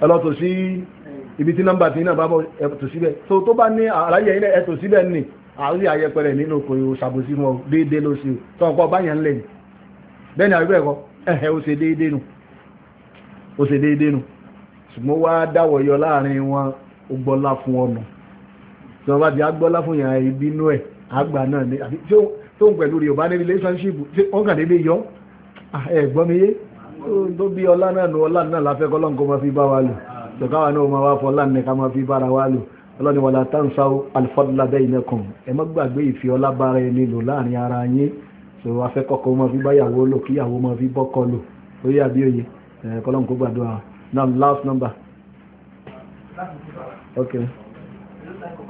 ẹlọ́tọ̀ sí ibi tí nọ́mbà tí náà bá bọ́ ẹ̀tọ̀ síbẹ̀ so tó bá ní àráyẹ̀ ilẹ̀ ẹ̀tọ̀ síbẹ̀ ní àrí àyẹpẹrẹ nínú kò yóò ṣàbòsí wọn déédé ló ṣe tó ọkọ̀ báyẹn lẹ̀ bẹ́ẹ̀ni àríbẹ̀ ẹ̀kọ́ ẹ̀hẹ́ ó ṣe déédé nù ó ṣe déédé nù ṣùgbọ́n wá dáwọ̀ yọ láàrin wọn ó gbọ́lá fún ọ̀nà tí wọ́n bá ti agbọ́lá fún yàrá ìbínú ẹ̀ àgbà náà ni àbí tó ń pẹ̀lú rí ọba ní relationship tí wọ́n kàn dédé yọ ẹ̀ gbọ́ mi yé tó bí ọlá náà nu ọlá náà láfẹ́ kọ́ lọ́nkọ́ máa fi bá wa lò tọ́káwà náà máa wá fọlá ní ká máa fi bára wa lò ọlọ́ni wàlá táǹsà alifọ́dúnlá bẹ́ẹ̀ iná kan ẹ má gbàgbé ìfi ọlá bára ẹni lò láàrin ara yín tó afẹ́ kọ́kọ́ máa fi báyàwó lò kíyàwó máa fi bọ́kọ lò ó last number. okay.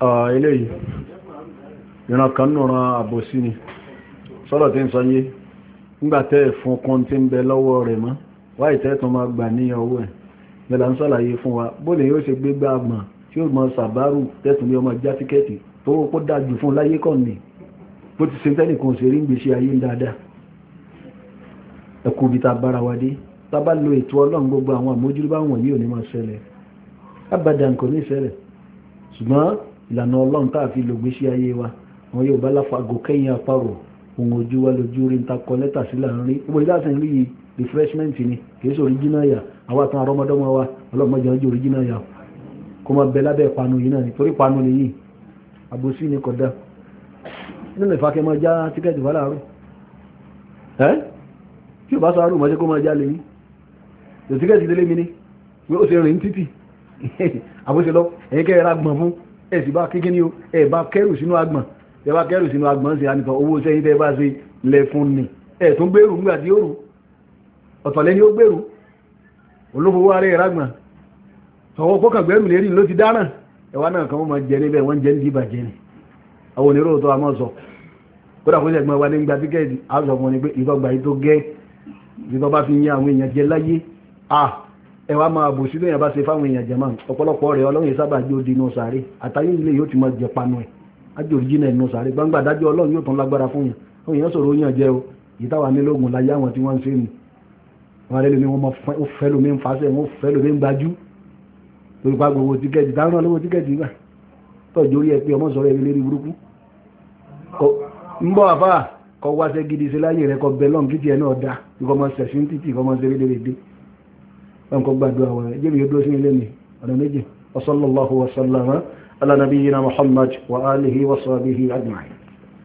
Ah, eléyìí ìran kan nù ran àbòsí ni sọ́rọ̀ tí ń sọ yé nígbàtẹ́ ẹ̀fún kan tí ń bẹ lọ́wọ́ rẹ̀ mọ́ wáyé tẹ́tàn máa gbà ní ọwọ́ ẹ̀ bẹ̀lá ń sọ́làyé fún wa bóòlù yóò ṣe gbé gbá àgbọ̀n tí ó mọ sàbárù tẹ́sùn ní ọmọ já tíkẹ́ẹ̀tì tó kó dájú fún láyé kàn ní bó ti ṣe tẹ́nìkan ṣe tábà lo ètò ọlọ́run gbogbo àwọn àmójúlúbá wọ̀nyí ò ní máa ṣẹlẹ̀ abadan kò ní ṣẹlẹ̀ ṣùgbọ́n ìlànà ọlọ́run tá a fi lògbé sí ayé wa wọn yóò bá láfàgò kẹ́yìn apárò ohun ojú wa lójú rí níta kọ lẹ́tà sí láàrin gbogbo ìdá àti ìrí refreshment ni kìí ṣe original yà àwọn àtàn àrọ́mọdọ́mọ wa ọlọ́mọdé ọjọ́ original yà kó máa bẹ lábẹ́ ìpanu yìí náà nítorí ìpanu lè yìí àbòsí ni kódà nínú ìfakẹ́mọ́ já tíkẹ́ẹ̀tì wà láàárọ̀ ẹ́ tí ò bá sọ àrùn mọ́ṣẹ́ kó máa já lè yìí lòtíkẹ́sì délé mi ní pé ó ṣe rìn títì àbóṣe lọ ẹ̀yìn kẹ́ ra fún ẹ̀ bá kíkí ní o ẹ̀ bá kẹ́rù sínú agbọ̀n ẹ̀ bá kẹ́rù sínú agbọ̀n sí àníkan owó sẹ́yìn tẹ́ bá ṣe lẹ̀ fún ni ẹ̀ tún gbèrú nígbà tí ó rù ọ̀tọ̀lẹ́ ni ó gbèrú olófowó arẹ́ ìrágbọ̀n tọwọ́ pọ́kàn gbẹ̀rù lérí ló ti dáràn ẹwà náà kan wọ́n máa jẹ níbẹ̀ wọ́n jẹ́ ní ni àwọn onírò tó a máa sọ kódà kó sẹ́gbọ́n wa yìí tó gẹ́ ìtọ́ bá fi yan àwọn èèyàn jẹ láyé ah ẹwà máa bò sí lóyìn bá ṣe fáwọn èèyàn jẹmọ́ ọ̀pọ̀lọpọ̀ rẹ̀ ọlọ́run sábà jó di inú sàárè àtàyè ilé yóò ti máa jẹ panu ẹ̀ ájò òjìnà inú sàárè gbangba dájọ́ ọlọ́run yóò tán lágbára fún yàn àwọn èèyàn sọ̀rọ̀ yàn jẹ́ o yìí táwa ní lóògùn láyé àwọn tí wọ́n ń ṣe nù wọn rẹ lómi wọn fẹ́ lómi ń fasẹ̀ wọn fẹ́ lómi ń gbajú lórí pa tíkẹ́ẹ̀tì dáná gidi sí láyé rẹ kọ bẹ́lọ́n kí tiẹ̀ náà dá kí kọ́ mọ sẹ̀sìn wọn kò gbàdúrà wọn ẹjẹ́ bí yóò dúró sí ilé mi ọ̀nà méjì wa sallallahu wa sallama muhammad wa alihi wa sahbihi ajma'in